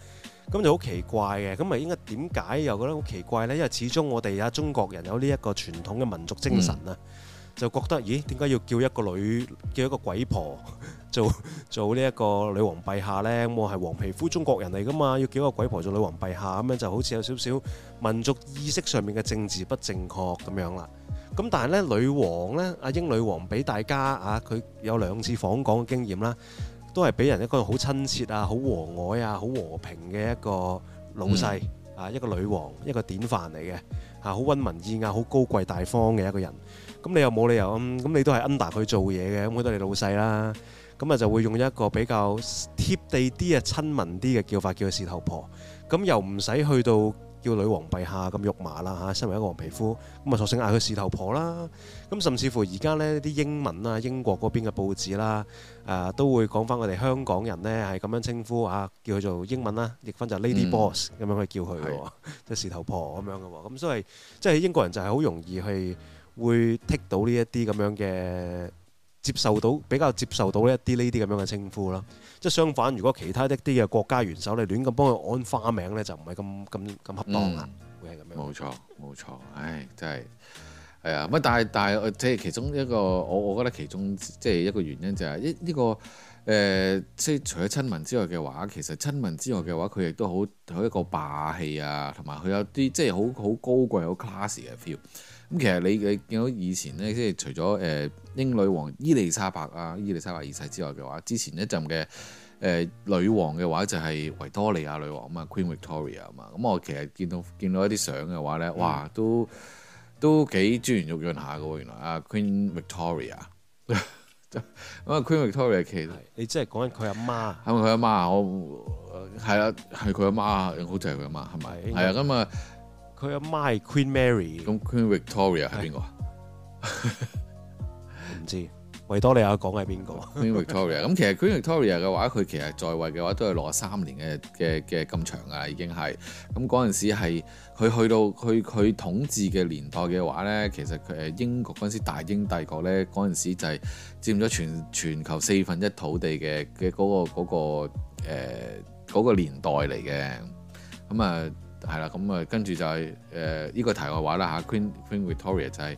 咁就好奇怪嘅，咁咪應該點解又覺得好奇怪呢，因為始終我哋啊中國人有呢一個傳統嘅民族精神啊。嗯就覺得，咦？點解要叫一個女叫一個鬼婆做做呢一個女王陛下呢？咁、嗯、我係黃皮膚中國人嚟噶嘛，要叫一個鬼婆做女王陛下咁樣、嗯、就好似有少少民族意識上面嘅政治不正確咁樣啦。咁、嗯、但係呢，女王呢，阿英女王俾大家啊，佢有兩次訪港嘅經驗啦，都係俾人一個好親切啊、好和藹啊、好和平嘅一個老細、嗯、啊，一個女王一個典範嚟嘅啊，好溫文爾雅、好高貴大方嘅一個人。咁你又冇理由啊？咁你都係 under 佢做嘢嘅，咁佢都係你老細啦。咁啊，就會用一個比較貼地啲啊、親民啲嘅叫法叫佢事頭婆。咁又唔使去到叫女王陛下咁肉麻啦嚇、啊。身為一個黃皮膚，咁啊，索性嗌佢事頭婆啦。咁甚至乎而家呢啲英文啊，英國嗰邊嘅報紙啦，啊、呃，都會講翻我哋香港人呢係咁樣稱呼啊，叫佢做英文啦，譯翻就 lady boss 咁、嗯、樣去叫佢是， 即係事頭婆咁樣嘅喎。咁所以即係英國人就係好容易去。會剔到呢一啲咁樣嘅接受到，比較接受到一啲呢啲咁樣嘅稱呼啦，即係相反，如果其他一啲嘅國家元首嚟亂咁幫佢安花名咧，就唔係咁咁咁恰當啦，嗯、會係咁樣。冇錯，冇錯，唉，真係係啊！乜但係但係即係其中一個，我我覺得其中即係一個原因就係一呢個誒，即、呃、係除咗親民之外嘅話，其實親民之外嘅話，佢亦都好好一個霸氣啊，同埋佢有啲即係好好高貴好 classy 嘅 feel。咁其實你你見到以前咧，即係除咗誒、呃、英女王伊麗莎白啊、伊麗莎白二世之外嘅話，之前一陣嘅誒、呃、女王嘅話就係維多利亞女王啊嘛，Queen Victoria 啊嘛。咁、嗯、我其實見到見到一啲相嘅話咧，嗯、哇，都都，都幾珠圓玉潤下嘅喎。原來啊，Queen Victoria 啊。咁啊，Queen Victoria 其實你真係講緊佢阿媽。係咪佢阿媽啊？我係啊，係佢阿媽好似係佢阿媽係咪？係啊，咁啊。佢阿媽係 Queen Mary，咁 Queen Victoria 係邊個啊？唔知維多利亞講係邊個？Queen Victoria 咁其實 Queen Victoria 嘅話，佢其實在位嘅話都係六十三年嘅嘅嘅咁長啊，已經係，咁嗰陣時係佢去到佢佢統治嘅年代嘅話咧，其實佢誒英國嗰陣時大英帝國咧嗰陣時就係佔咗全全球四分一土地嘅嘅嗰個嗰、嗰個誒嗰、嗰個呃嗰個年代嚟嘅，咁、嗯、啊～係啦，咁啊，跟住就係誒呢個題外話啦嚇。Queen Queen Victoria 就係、是、誒、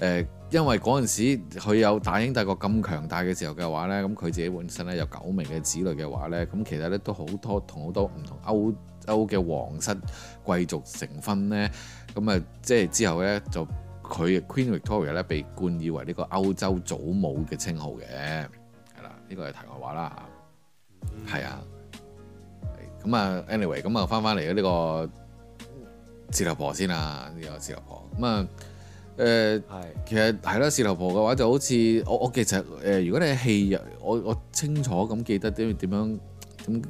呃，因為嗰陣時佢有大英帝國咁強大嘅時候嘅話咧，咁佢自己本身咧有九名嘅子女嘅話咧，咁其實咧都好多，多同好多唔同歐歐嘅皇室貴族成婚咧，咁啊，即係之後咧就佢 Queen Victoria 咧被冠以為呢個歐洲祖母嘅稱號嘅，係啦，呢、這個係題外話啦嚇，係啊，咁啊，anyway，咁啊翻翻嚟咧呢、這個。事頭婆先啊，呢、這個事頭婆，咁啊，誒係、呃、其實係咯，事頭婆嘅話就好似我我其實誒、呃，如果你戲入我我清楚咁記得點點樣點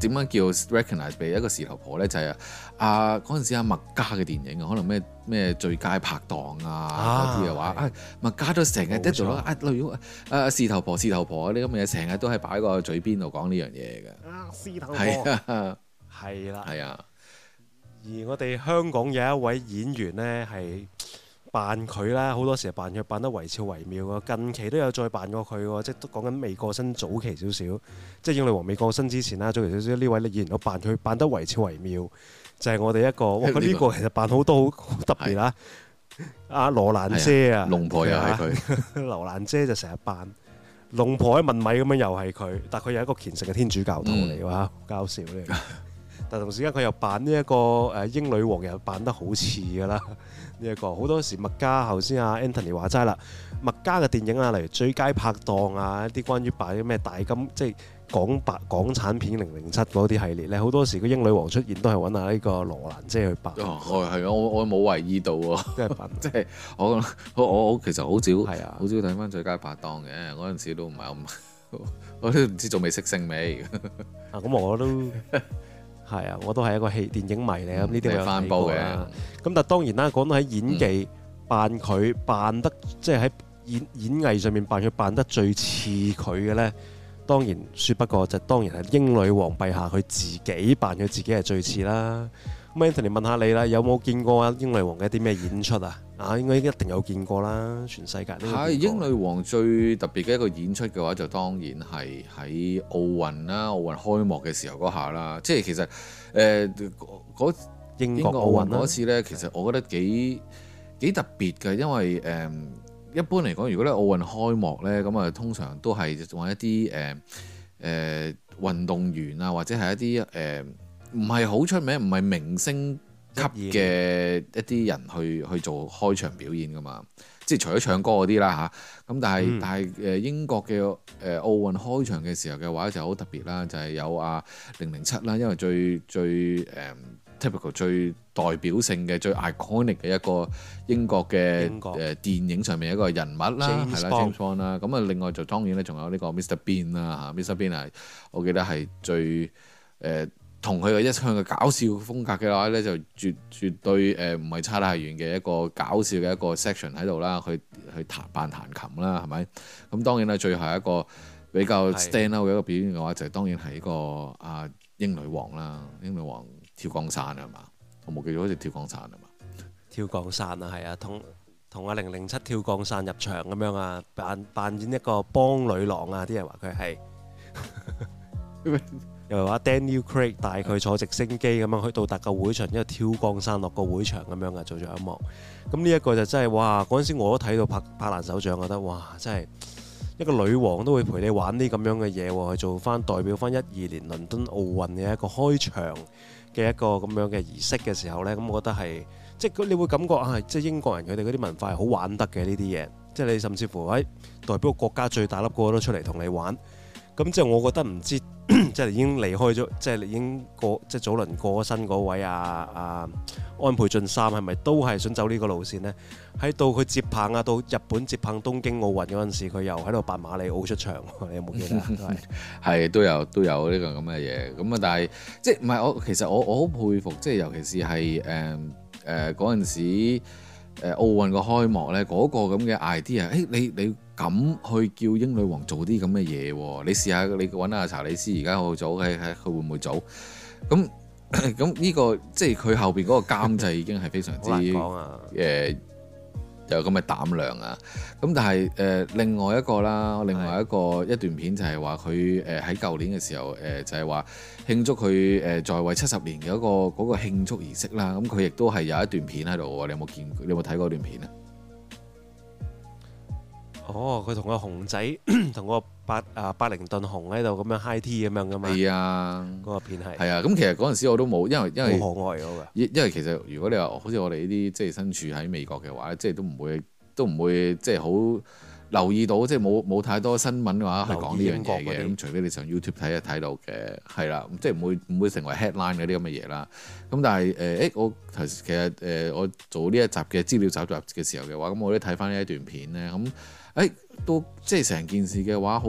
點樣，樣叫 recognize 俾一個事頭婆咧，就係、是、啊嗰陣時啊麥家嘅電影可能咩咩最佳拍檔啊嗰啲嘅話啊麥、啊、家都成日都做咯啊例如，啊事頭婆事頭婆嗰啲咁嘅嘢，成日都係擺個嘴邊度講呢樣嘢嘅，啊事頭婆啊係啦係啊而我哋香港有一位演員呢，係扮佢啦，好多時係扮佢扮得惟肖惟妙。近期都有再扮過佢喎，即係都講緊未過身早期少少，即係英女王未過身之前啦，早期少少。呢位演員都扮佢扮得惟肖惟妙，就係、是、我哋一個。我呢、這個、個其實扮好多好特別啦。阿羅蘭姐啊，龍婆又係佢。羅蘭姐就成日扮龍婆，喺 問米咁樣又係佢，但佢又一個虔誠嘅天主教徒嚟嘅嚇，好搞、嗯、笑呢但同時間佢又扮呢一個誒英女王又扮得好似㗎啦，呢一個好多時麥嘉頭先阿 Anthony 話齋啦，麥嘉嘅電影啊，例如《最佳拍檔》啊，一啲關於扮啲咩大金即係港白港產片《零零七》嗰啲系列咧，好多時個英女王出現都係揾下呢個羅蘭姐去扮。哦，係啊，我我冇留意到喎。都係扮，即係 我我我，我其實好少， 啊、好少睇翻《最佳拍檔》嘅嗰陣時都唔係咁，我都唔知仲未食性味。咁我都。係啊，我都係一個戲電影迷嚟，咁呢啲咪翻煲嘅。咁但係當然啦，講到喺演技，扮佢、嗯、扮得即係喺演演藝上面扮佢扮得最似佢嘅呢。當然說不過就是、當然係英女王陛下佢自己扮佢自己係最似啦。咁、嗯、Anthony 問下你啦，有冇見過啊英女王嘅一啲咩演出啊？ 啊，應該一定有見過啦，全世界。係英女皇最特別嘅一個演出嘅話，就當然係喺奧運啦，奧運開幕嘅時候嗰下啦。即係其實，誒、呃、嗰英國，英國奧運嗰次呢，的其實我覺得幾幾特別嘅，因為誒、嗯、一般嚟講，如果咧奧運開幕呢，咁啊通常都係仲係一啲誒誒運動員啊，或者係一啲誒唔係好出名，唔係明星級嘅一啲人去去做開場表演噶嘛，即係除咗唱歌嗰啲啦嚇，咁、啊、但係、嗯、但係誒英國嘅誒奧運開場嘅時候嘅話就好特別啦，就係、是、有阿零零七啦，7，因為最最誒、um, typical 最代表性嘅最 iconic 嘅一個英國嘅誒國、呃、電影上面一個人物啦，係啦，詹姆斯邦啦，咁啊另外就當然咧仲有呢個 Mr Bean 啦、啊、嚇，Mr Bean 係我記得係最誒。呃同佢嘅一向嘅搞笑風格嘅話咧，就絕絕對誒唔係差太遠嘅一個搞笑嘅一個 section 喺度啦，去去彈扮彈琴啦，係咪？咁當然啦，最後一個比較 standout 嘅一個表演嘅話，就係的當然係一個啊英女皇啦，英女皇跳降傘啊嘛，我冇記錯好似跳降傘啊嘛，跳降傘啊，係啊，同同阿零零七跳降傘入場咁樣啊，扮扮演一個幫女郎啊，啲人話佢係。 又話 Daniel Craig 帶佢坐直升機咁樣去到達個會場，之後跳江山落個會場咁樣嘅做咗一幕。咁呢一個就真係哇！嗰陣時我都睇到拍拍爛手掌，覺得哇！真係一個女王都會陪你玩啲咁樣嘅嘢喎，去做翻代表翻一二年倫敦奧運嘅一個開場嘅一個咁樣嘅儀式嘅時候呢，咁我覺得係即係你會感覺啊，即係英國人佢哋嗰啲文化係好玩得嘅呢啲嘢。即係你甚至乎喺、哎、代表國家最大粒個都出嚟同你玩。咁即係我覺得唔知， 即係已經離開咗，即係已經過，即係早輪過身嗰位啊啊安倍晉三係咪都係想走呢個路線呢？喺到佢接棒啊，到日本接棒東京奧運嗰陣時，佢又喺度扮馬里奧出場，你有冇記得？係 都有都有呢、呢個咁嘅嘢，咁啊！但係即係唔係我其實我我好佩服，即係尤其是係誒誒嗰陣時誒奧運個開幕咧嗰、嗰個咁嘅 idea，誒、欸、你你。你你咁去叫英女皇做啲咁嘅嘢，你試下你揾下查理斯早，而家會做嘅，佢會唔會做？咁咁呢個即係佢後邊嗰個監製已經係非常之誒、 啊呃、有咁嘅膽量啊！咁但係誒另外一個啦，另外一個,外一,個的一段片就係話佢誒喺舊年嘅時候誒、呃、就係、是、話慶祝佢誒在位七十年嘅一個嗰、嗰個慶祝儀式啦。咁佢亦都係有一段片喺度喎。你有冇見？你有冇睇過段片咧？哦，佢同個熊仔，同 個百啊柏靈頓熊喺度咁樣 high tea 咁樣噶嘛？係啊，嗰片係係啊，咁其實嗰陣時我都冇，因為因為好可愛嗰因因為其實如果你話好似我哋呢啲即係身處喺美國嘅話，即係都唔會都唔會即係好留意到，即係冇冇太多新聞嘅話去講呢樣嘢嘅。咁除非你上 YouTube 睇睇到嘅，係啦、啊，即係唔會唔會成為 headline 嗰啲咁嘅嘢啦。咁但係誒、呃欸，我其實誒、呃、我做呢一集嘅資料蒐集嘅時候嘅話，咁我都睇翻呢一段片咧，咁、嗯。嗯。誒，都、欸、即係成件事嘅話，好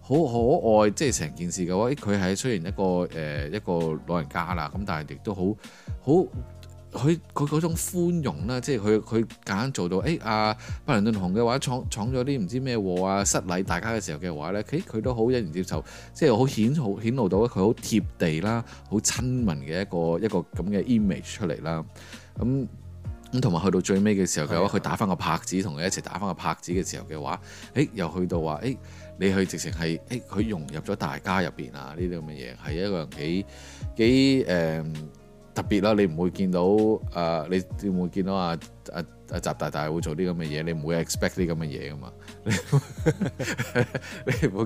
好，好可愛，即係成件事嘅話，誒、欸，佢係雖然一個誒、呃、一個老人家啦，咁但係亦都好好，佢佢嗰種寬容啦，即係佢佢簡單做到，誒、欸、啊，柏靈頓熊嘅話，闖闖咗啲唔知咩禍啊，失禮大家嘅時候嘅話咧，佢、欸、都好欣然接受，即係好顯好顯，顯露到佢好貼地啦，好親民嘅一個一個咁嘅 image 出嚟啦，咁、嗯。咁同埋去到最尾嘅時候嘅話，佢的打翻個拍子，同你一齊打翻個拍子嘅時候嘅話，誒、欸、又去到話，誒、欸、你去直情係，誒、欸、佢融入咗大家入邊啊！呢啲咁嘅嘢係一個人幾幾、呃、特別啦。你唔會見到誒、呃，你唔會見到啊啊啊？習大大會做啲咁嘅嘢，你唔會 expect 啲咁嘅嘢噶嘛？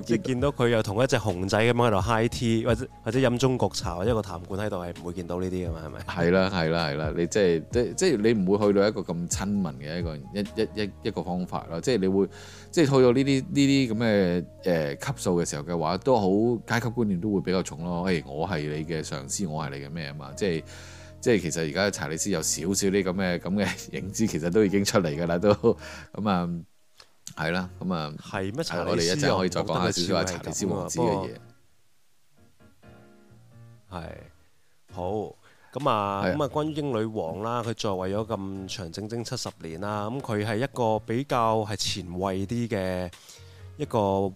即係 見到佢又同一隻熊仔咁樣喺度 high tea，或者或者飲中國茶，或者一個痰罐喺度係唔會見到呢啲嘅嘛？係咪？係啦， 係啦，係啦！就是、你即係即即係你唔會去到一個咁親民嘅一個一一一一,一個方法咯。即係你會即係去到呢啲呢啲咁嘅誒級數嘅時候嘅話，都好階級觀念都會比較重咯。誒、嗯，我係你嘅上司，我係你嘅咩啊嘛？即係即係其實而家查理斯有少少啲咁嘅咁嘅影子，其實都已經出嚟㗎啦，都咁啊！嗯呃係啦，咁啊、嗯、啊，我哋一齊可以再講下查理斯王子嘅嘢。係但但，好，咁啊，咁啊，關於英女王啦，佢在位咗咁長整整七十年啦，咁佢係一個比較係前衛啲嘅一個誒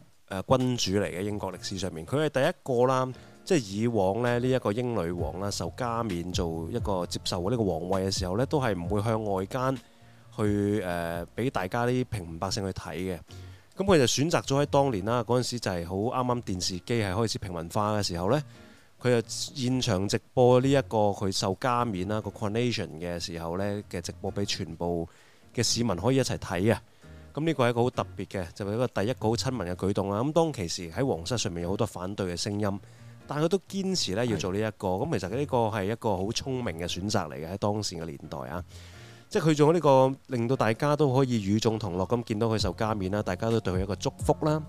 君主嚟嘅英國歷史上面，佢係第一個啦，即、就、係、是、以往咧呢一個英女王啦，受加冕做一個接受呢個皇位嘅時候咧，都係唔會向外間。去誒俾、呃、大家啲平民百姓去睇嘅，咁、嗯、佢就選擇咗喺當年啦，嗰陣時就係好啱啱電視機係開始平民化嘅時候呢，佢就現場直播呢一個佢受加冕啦、個 coronation 嘅時候呢嘅直播俾全部嘅市民可以一齊睇啊！咁呢個係一個好特別嘅，就係、是、一個第一個好親民嘅舉動啦。咁、嗯、當其時喺皇室上面有好多反對嘅聲音，但佢都堅持咧要做呢、這個、的一個。咁其實呢個係一個好聰明嘅選擇嚟嘅喺當時嘅年代啊！即係佢做呢個，令到大家都可以與眾同樂，咁見到佢受加冕啦，大家都對佢一個祝福啦。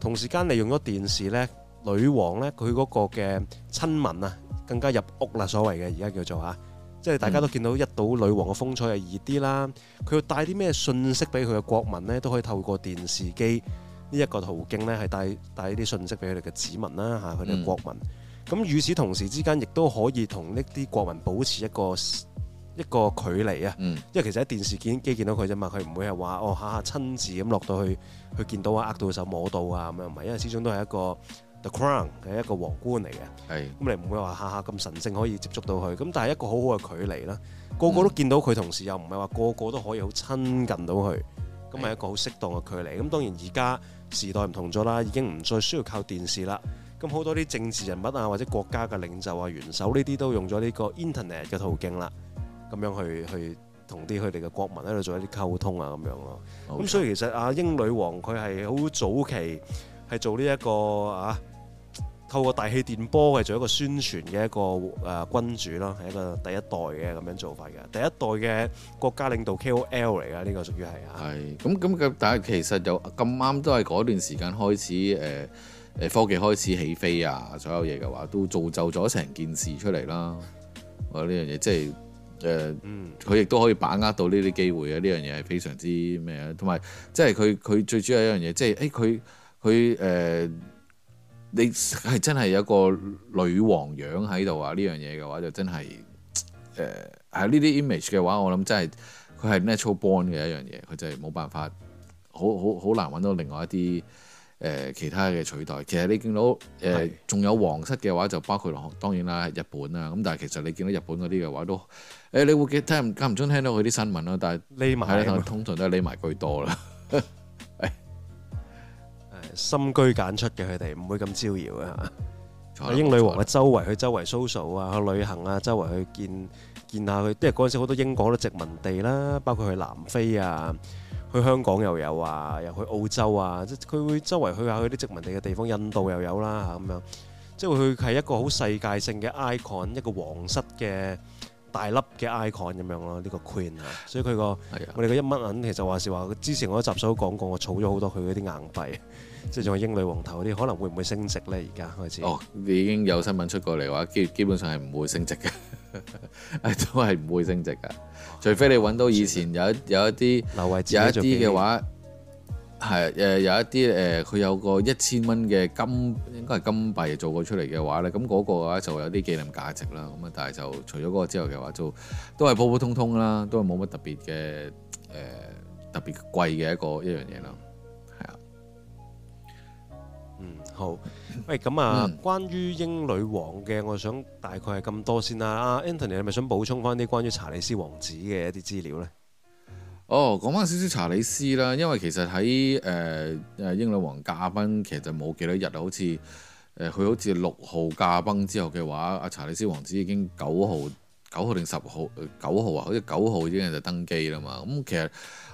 同時間利用咗電視呢，女王呢，佢嗰個嘅親民啊，更加入屋啦，所謂嘅而家叫做吓，即係大家都見到一睹女王嘅風采係易啲啦，佢要帶啲咩信息俾佢嘅國民呢？都可以透過電視機呢一、這個途徑呢，係帶帶啲信息俾佢哋嘅子民啦吓，佢哋嘅國民。咁、嗯、與此同時之間，亦都可以同呢啲國民保持一個。一個距離啊，嗯、因為其實喺電視機見到佢啫嘛，佢唔會係話哦，下下親自咁落到去去見到啊，握到手摸到啊咁樣，唔係，因為始終都係一個 The Crown 嘅一個皇冠嚟嘅，咁是你唔會話下下咁神聖可以接觸到佢，咁但係一個好好嘅距離啦。個個都見到佢同時、嗯、又唔係話個個都可以好親近到佢，咁係一個好適當嘅距離。咁當然而家時代唔同咗啦，已經唔再需要靠電視啦。咁好多啲政治人物啊，或者國家嘅領袖啊、元首呢啲都用咗呢個 internet 嘅途徑啦。咁樣去去同啲佢哋嘅國民喺度做一啲溝通啊，咁樣咯。咁的所以其實阿英女王佢係好早期係做呢、這、一個啊，透過大氣電波去做一個宣傳嘅一個誒、啊、君主咯，係一個第一代嘅咁樣做法嘅，第一代嘅國家領導 K O L 嚟噶，呢、這個屬於係啊。係咁。咁但係其實又咁啱都係嗰段時間開始誒誒、呃、科技開始起飛啊，所有嘢嘅話都造就咗成件事出嚟啦。我呢樣嘢真係～誒，佢亦都可以把握到呢啲機會啊！呢樣嘢係非常之咩啊，同埋即係佢佢最主要一樣嘢，即係誒佢佢誒你係真係有個女王樣喺度啊！呢樣嘢嘅話就真係誒係呢啲 image 嘅話，我諗真係佢係 natural born 嘅一樣嘢，佢就係冇辦法好好好難搵到另外一啲誒、呃、其他嘅取代。其實你見到誒仲是、呃、有皇室嘅話，就包括落當然啦，日本啊。咁，但係其實你見到日本嗰啲嘅話都。誒，你會記聽唔間唔中聽到佢啲新聞咯，但係匿埋係啦，通常都係匿埋居多啦。係，係深居簡出嘅，佢哋唔會咁招搖嘅吓。英女皇啊，周圍去周圍 social 啊，去旅行啊，周圍去見見下佢。因為嗰陣時好多英國嘅殖民地啦，包括去南非啊，去香港又有啊，又去澳洲啊，即係佢會周圍去下嗰啲殖民地嘅地方，印度又有啦吓咁樣。即係佢係一個好世界性嘅 icon，一個皇室嘅。大粒嘅 icon 咁樣咯，呢個 queen 啊，所以佢個、哎、呀我哋個一蚊銀其實話時話，之前我啲集數都講過，我儲咗好多佢嗰啲硬幣，即係仲有英女王頭嗰啲，可能會唔會升值咧？而家開始哦，你已經有新聞出過嚟嘅話，基基本上係唔會升值㗎， 都係唔會升值㗎，除非你揾到以前有有一啲位，有一啲嘅慧話。係誒、呃、有一啲誒，佢、呃、有一個一千蚊嘅金，應該係金幣做過出嚟嘅話咧，咁嗰個嘅話就有啲紀念價值啦。咁啊，但係就除咗嗰個之後嘅話就，就都係普普通通啦，都係冇乜特別嘅誒、呃、特別貴嘅一個一樣嘢啦。係、嗯、啊，嗯好。喂，咁啊，關於英女王嘅，我想大概係咁多先啦、啊。Anthony，你係咪想補充翻啲關於查理斯王子嘅一啲資料咧？哦，講返少少查理斯啦，因為其實喺誒誒英女王駕崩，其實就冇幾多日啊，好似誒佢好似六號駕崩之後嘅話，阿查理斯王子已經九號九號定十號九號啊，好似九號已經就登基啦嘛，咁、嗯、其實。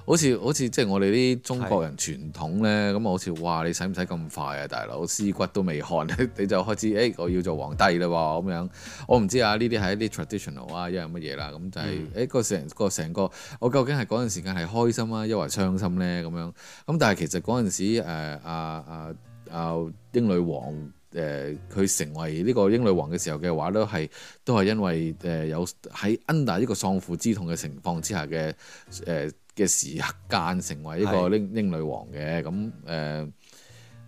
好似好似即係我哋啲中國人傳統咧，咁啊是好似哇！你使唔使咁快啊？大佬屍骨都未寒，你就開始誒、哎、我要做皇帝啦喎咁樣。我唔知啊，呢啲係一啲 traditional 啊，一係乜嘢啦咁就係、是、誒、嗯哎嗰個成個成個我究竟係嗰陣時間係開心啊，一係傷心咧咁樣咁、嗯。但係其實嗰陣時、呃、啊啊啊，啊，啊英女王誒佢、呃、成為呢、這個英女王嘅時候嘅話，都係都係因為誒、呃呃、有喺 under 一個喪父之痛嘅情況之下嘅誒。呃呃嘅時間成為呢個英英女王嘅。咁誒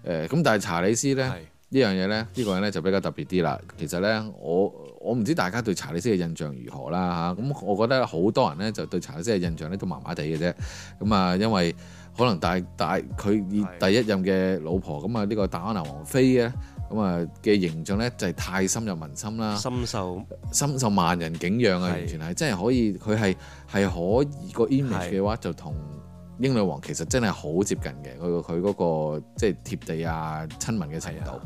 誒咁，但係查理斯咧呢的樣嘢咧呢個人咧就比較特別啲啦。其實咧我我唔知大家對查理斯嘅印象如何啦嚇。咁、啊、我覺得好多人咧就對查理斯嘅印象咧都麻麻地嘅啫。咁啊，因為可能但係佢以第一任嘅老婆咁啊的呢個戴安娜王妃咧。咁啊嘅形象咧就係、是、太深入民心啦，深受深受萬人敬仰啊！是完全係真係可以，佢係係可以、個 image 嘅話就同英女王其實真係好接近嘅，佢佢嗰個即係貼地啊親民嘅程度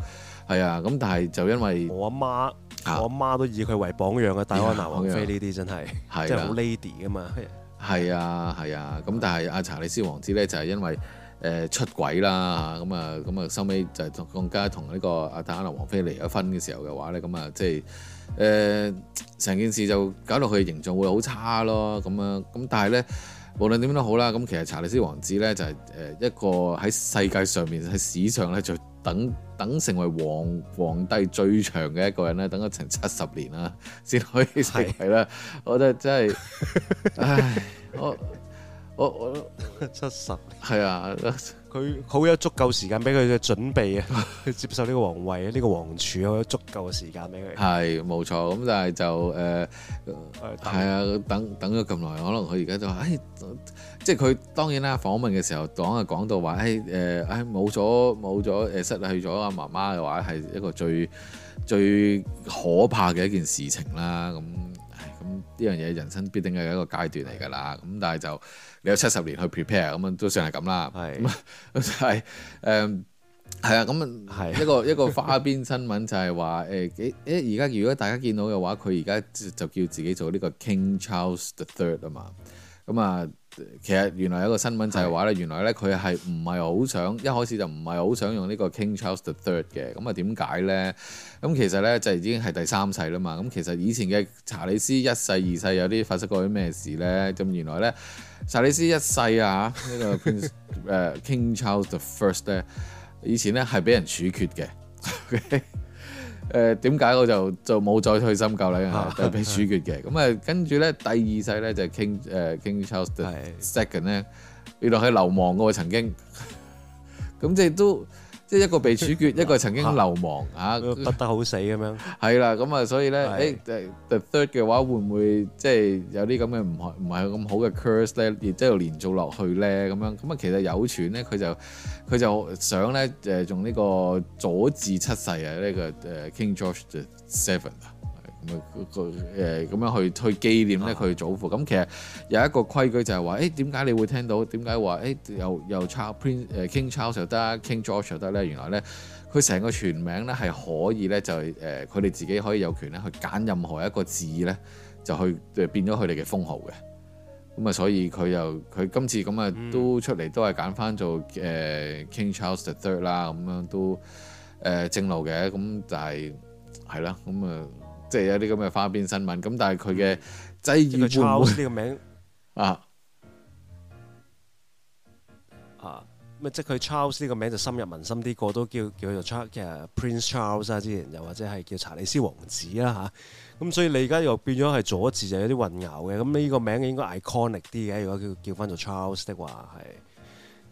係啊，咁、啊、但係就因為我阿媽我阿媽都以佢為榜樣嘅，戴安娜王妃呢啲真係即係好 lady 噶嘛，係啊係啊咁、啊，但係阿查理斯王子咧就係、是、因為。誒出軌啦，咁啊咁啊收尾就更加同呢個阿戴安娜王妃離咗婚嘅時候嘅話咧，咁、嗯、啊即係誒成件事就搞到佢形象會好差咯，咁啊咁但係咧無論點都好啦，咁其實查理斯王子咧就係誒一個喺世界上面喺史上咧就等等成為皇皇帝最長嘅一個人咧，等咗成七十年啦先可以成為啦，我覺得真係，唉我。我我七十年，係 啊，佢好有足夠時間俾佢嘅準備啊，去 接受呢個皇位啊，呢、這個皇儲好有足夠嘅時間俾佢。係冇錯，咁但係就誒，係啊，等等咗咁耐，可能佢而家就話，誒對、哎，即係佢當然啦，訪問嘅時候講啊講到話，誒、哎、誒，冇咗冇咗誒，失去咗阿媽媽嘅話係一個最最可怕嘅一件事情啦。咁，咁、哎、呢樣嘢人生必定係一個階段嚟㗎啦。咁但係就。你有七十年去 prepare 咁啊，都算係咁啦。係咁啊，係誒、 嗯，係啊。咁、嗯、啊，的一個一個花邊新聞就係話誒誒，而家的如果大家見到嘅話，佢而家就叫自己做呢個 King Charles the Third 啊嘛。咁、嗯、啊，其實原來有個新聞就係話咧，的原來咧佢係唔係好想一開始就唔係好想用呢個 King Charles the Third 嘅咁啊？點解咧？咁、嗯、其實咧就已經係第三世啦嘛。咁、嗯、其實以前嘅查理斯一世、一世二世有啲發生過啲咩事咧？咁原來咧。查理斯一世啊，呢個 Prince 誒 King Charles the First 咧，以前咧係俾人處決嘅。誒點解我就就冇再去深究啦，就俾處決嘅。咁啊， 跟住咧第二世咧就係、係、King 誒、uh, King Charles the Second 咧， 原來係流亡嘅喎，曾經。咁即係都。即係一個被處決，一個曾經流亡，嚇、啊，啊、不得好死咁樣。係啦， 咁啊，所以咧，誒的，the third 嘅話會唔會即係、就是、有啲咁嘅唔係唔係咁好嘅 curse 咧，亦都要連做落去咧咁樣。咁啊，其實有傳咧，佢就佢就想咧誒，用呢個佐治七世啊，呢、呢個誒 King George the Seventh 咁佢誒咁樣去去紀念咧佢祖父咁，其實有一個規矩就係話，誒點解你會聽到點解話誒又又 Cha King Charles 又得 King George 又得咧？原來咧佢成個全名咧係可以咧就係誒佢哋自己可以有權咧去揀任何一個字咧就去變咗佢哋嘅封號嘅。咁啊，所以佢又佢今次咁啊都出嚟都係揀翻做誒、嗯 uh, King Charles the Third 啦，咁樣都誒、呃、正路嘅。咁但係係啦，咁啊。即係有啲咁嘅花邊新聞，咁但係佢嘅際遇會唔會呢個名啊啊？咁啊，即係佢 Charles 呢個名就深入民心啲，個都叫叫佢做 Charles，Prince Charles 啊，之前又或者係叫查理斯王子啦嚇。咁、啊、所以你而家又變咗係佐治，就有啲混淆嘅。咁呢個名嘅應該 iconic 啲嘅，如果叫叫翻做 Charles 的話係。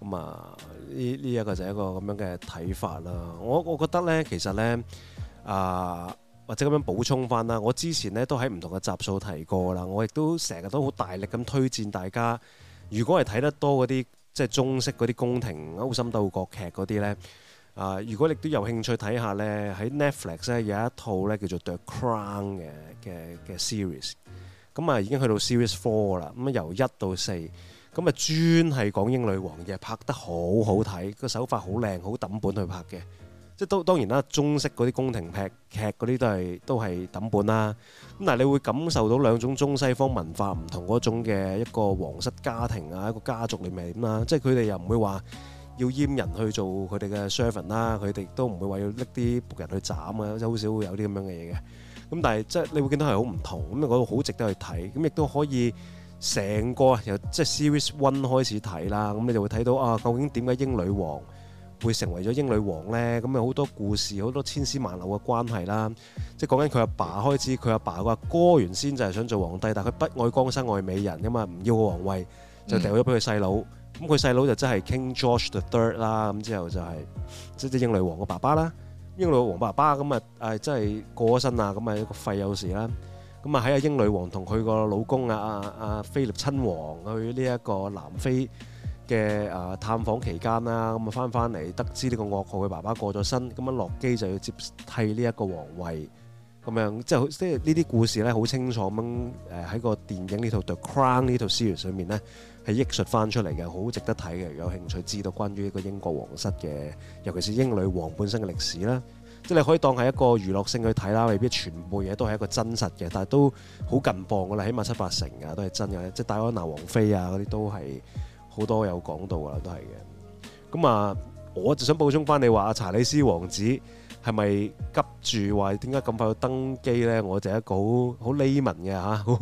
咁啊，呢呢一個就係一個咁樣嘅睇法啦。我我覺得咧，其實咧啊。或者咁樣補充翻啦，我之前咧都喺唔同嘅集數提過啦，我亦都成日都好大力咁推薦大家，如果係睇得多嗰啲即係中式嗰啲宮廷、勾心鬥角劇嗰啲咧，啊、呃，如果你都有興趣睇下咧，喺 Netflix 咧有一套咧叫做 The Crown 嘅嘅嘅 series，咁啊已經去到 series four 啦，咁啊由一到四，咁啊專係講英女皇嘅，拍得好好睇，個手法好靚，好抌本去拍嘅。即係都當然啦，中式嗰啲宮廷劇劇嗰啲都係都係抌本啦。咁但係你會感受到兩種中西方文化唔同嗰種嘅一個皇室家庭啊，一個家族裡面點啦。即係佢哋又唔會話要閹人去做佢哋嘅 servant 啦，佢哋都唔會話要拎啲僕人去斬嘅、啊，好少會有啲咁樣嘅嘢嘅。咁但係即係你會見到係好唔同，咁我覺得好值得去睇。咁亦都可以成個由即係 series one 開始睇啦。咁你就會睇到啊，究竟點解英女王會成為咗英女王呢，咁啊好多故事，好多千絲萬縷嘅關係啦。即係講緊佢阿爸開始，佢阿爸個阿哥，哥原先就係想做皇帝，但係佢不愛江山愛美人啊嘛，唔要個皇位就掉咗俾佢細佬。咁佢細佬就真係 King George the Third 啦。咁之後就係即係英女王個爸爸啦。英女王爸爸咁啊誒，真係過咗身啊，咁啊一個肺有事啦。咁啊喺阿英女王同佢個老公啊阿、啊、菲力親王去呢一個南非。嘅誒探訪期間啦，咁啊翻翻嚟，得知呢個噩耗嘅爸爸過咗身，咁樣落機就要接替呢一個皇位。咁樣即係即係呢啲故事咧，好清楚。咁誒喺個電影呢套《The Crown》呢套書説上面咧係憶述翻出嚟嘅，好值得睇嘅。有興趣知道關於呢個英國皇室嘅，尤其是英女王本身嘅歷史啦，即係你可以當係一個娛樂性去睇啦，未必全部嘢都係一個真實嘅，但係都好近磅㗎啦，起碼七八成啊都係真嘅。即係戴安娜王妃啊嗰啲都係。好多有講到噶啦，都係嘅。咁啊，我就想補充翻你話阿查理斯王子係咪急住話點解咁快登基咧？我就係一個好好膩民嘅嚇，好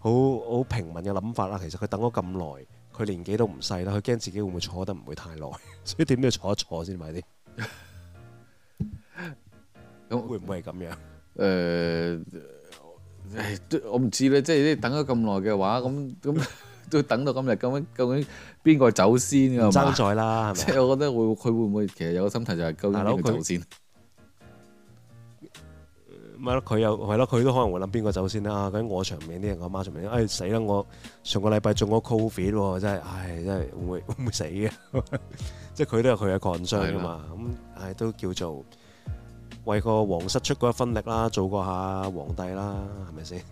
好好平民嘅諗法啦。其實佢等咗咁耐，佢年紀都唔細啦，佢驚自己會唔會坐得唔會太耐，所以點都要坐一坐先為啲。咁會唔會係咁樣？誒誒，我唔知咧。即係等咗咁耐嘅話，咁咁。都等到今日，究竟究竟邊個走先爭在啦，係咪？即係 我覺得會佢會唔會其實有個心態就係究竟邊個走先？咪咯，佢又係咯，佢都可能會諗邊個走先啦。咁、啊、我場面啲人，我媽場面，哎死啦！我上個禮拜中咗 Covid，真係，唉，真係會唔會死嘅。 即係佢都有佢嘅創傷噶嘛。咁唉的、嗯，都叫做為個皇室出過一分力啦，做過下皇帝啦，係咪先？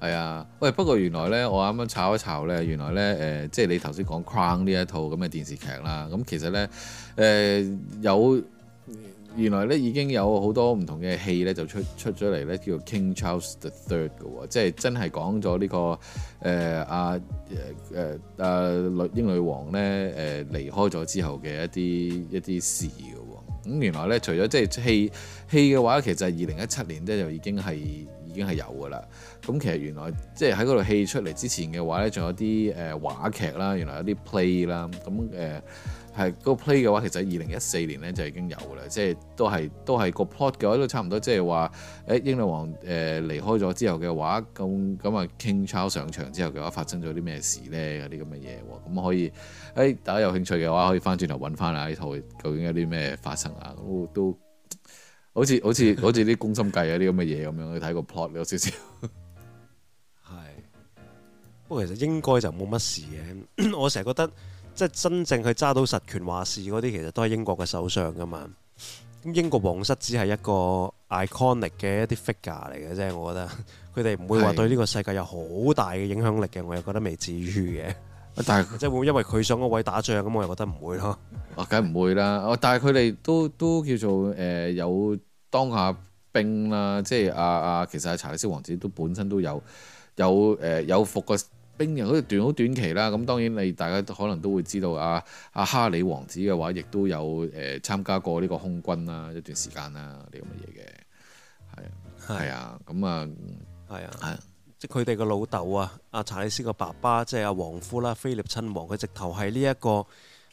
係啊，喂！不過原來咧，我啱啱查一查咧，原來咧，誒、呃，即係你頭先講《Crown》呢一套咁嘅電視劇啦。咁其實咧，誒、呃，有原來咧已經有好多唔同嘅戲咧就出出咗嚟咧，叫做《King Charles the Third》嘅喎，即係真係講咗呢、這個誒阿誒誒女英女王咧誒離開咗之後嘅一啲一啲事嘅喎。咁、嗯、原來咧，除咗即係戲戲嘅話，其實二零一七年咧就已經係已經係有嘅啦，咁其實原來即係喺嗰度戲出嚟之前嘅話咧，仲有啲誒、呃、話劇啦，原來有啲 play 啦，咁誒係個 play 嘅話，其實二零一四年咧就已經有嘅啦，即係都係都係個 plot 嘅話都差唔多，即係話誒英女王誒、呃、離開咗之後嘅話，咁咁啊 King Charles 上場之後嘅話發生咗啲咩事咧？嗰啲咁嘅嘢喎，咁可以誒、欸、大家有興趣嘅話，可以翻轉頭揾翻下呢套究竟有啲咩發生啊？都。 好似好似好似啲公心計啊，啲咁嘅嘢，咁樣去睇個 plot 有少少，係，不過其實應該就冇乜事嘅。我成日覺得，即係真正去揸到實權話事嗰啲，其實都係英國嘅手上㗎嘛。咁英國皇室只係一個 iconic 嘅一啲 figure 嚟嘅啫，我覺得佢哋唔會話對呢個世界有好大嘅影響力嘅，是我又覺得未至於嘅。但係即係會唔會因為佢上個位打仗咁，我又覺得唔會咯。啊，梗係唔會啦。但係佢哋都都叫做誒、呃、有當下兵啦，即係阿阿其實阿查理斯王子都本身都有有誒、呃、有服過兵役，好似段好短期啦。咁、嗯、當然你大家可能都會知道阿阿、啊、哈里王子嘅話，亦都有誒、呃、參加過呢個空軍啦一段時間啦啲咁嘅嘢嘅。係啊，係啊，咁啊，係、嗯、啊，係、嗯、啊。 即佢哋嘅老豆啊，阿查理斯嘅爸爸，即係阿王夫啦，菲力親王，佢直頭係呢一個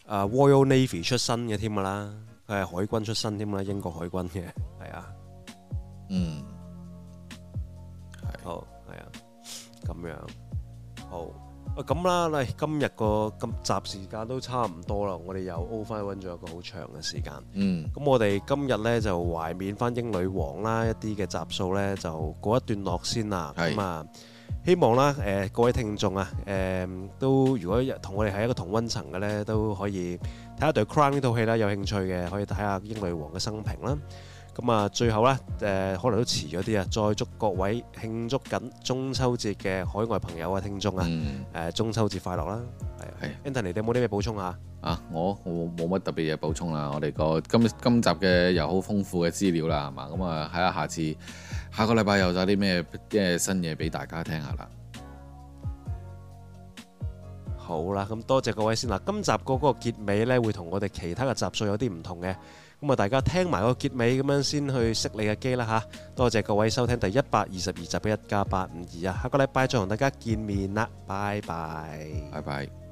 啊 Royal Navy 出身嘅添噶啦，佢係海軍出身添啦，英國海軍嘅，係啊，嗯，係好，係啊，咁樣好。咁啦，嚟今日個集時間都差唔多啦，我哋又 overrun 咗一個好長嘅時間。嗯，咁我哋今日呢就懷緬翻英女王啦，一啲嘅集數呢就過一段落先啦。係。咁啊，希望啦，誒各位聽眾啊，誒都如果同我哋係一個同溫層嘅呢，都可以睇下對 Crown 呢套戲啦，有興趣嘅可以睇下英女王嘅生平啦。咁啊，最後咧，誒可能都遲咗啲啊！再祝各位慶祝緊中秋節嘅海外朋友啊、聽眾啊，誒、嗯、中秋節快樂啦！係、係，Anthony，你有冇啲咩補充啊？啊，我我冇乜特別嘢補充啦。我哋、個今今集嘅又好豐富嘅資料啦，係嘛？咁啊，睇下下次下個禮拜又有啲咩啲新嘢俾大家聽下啦。好啦，咁多謝各位先啦。今集個嗰個結尾咧，會同我哋其他嘅集數有啲唔同嘅。咁啊，大家聽埋個結尾咁樣先去熄你嘅機啦嚇！多謝各位收聽第一百二十二集嘅一加八五二啊，下個禮拜再同大家見面啦，拜拜。拜拜。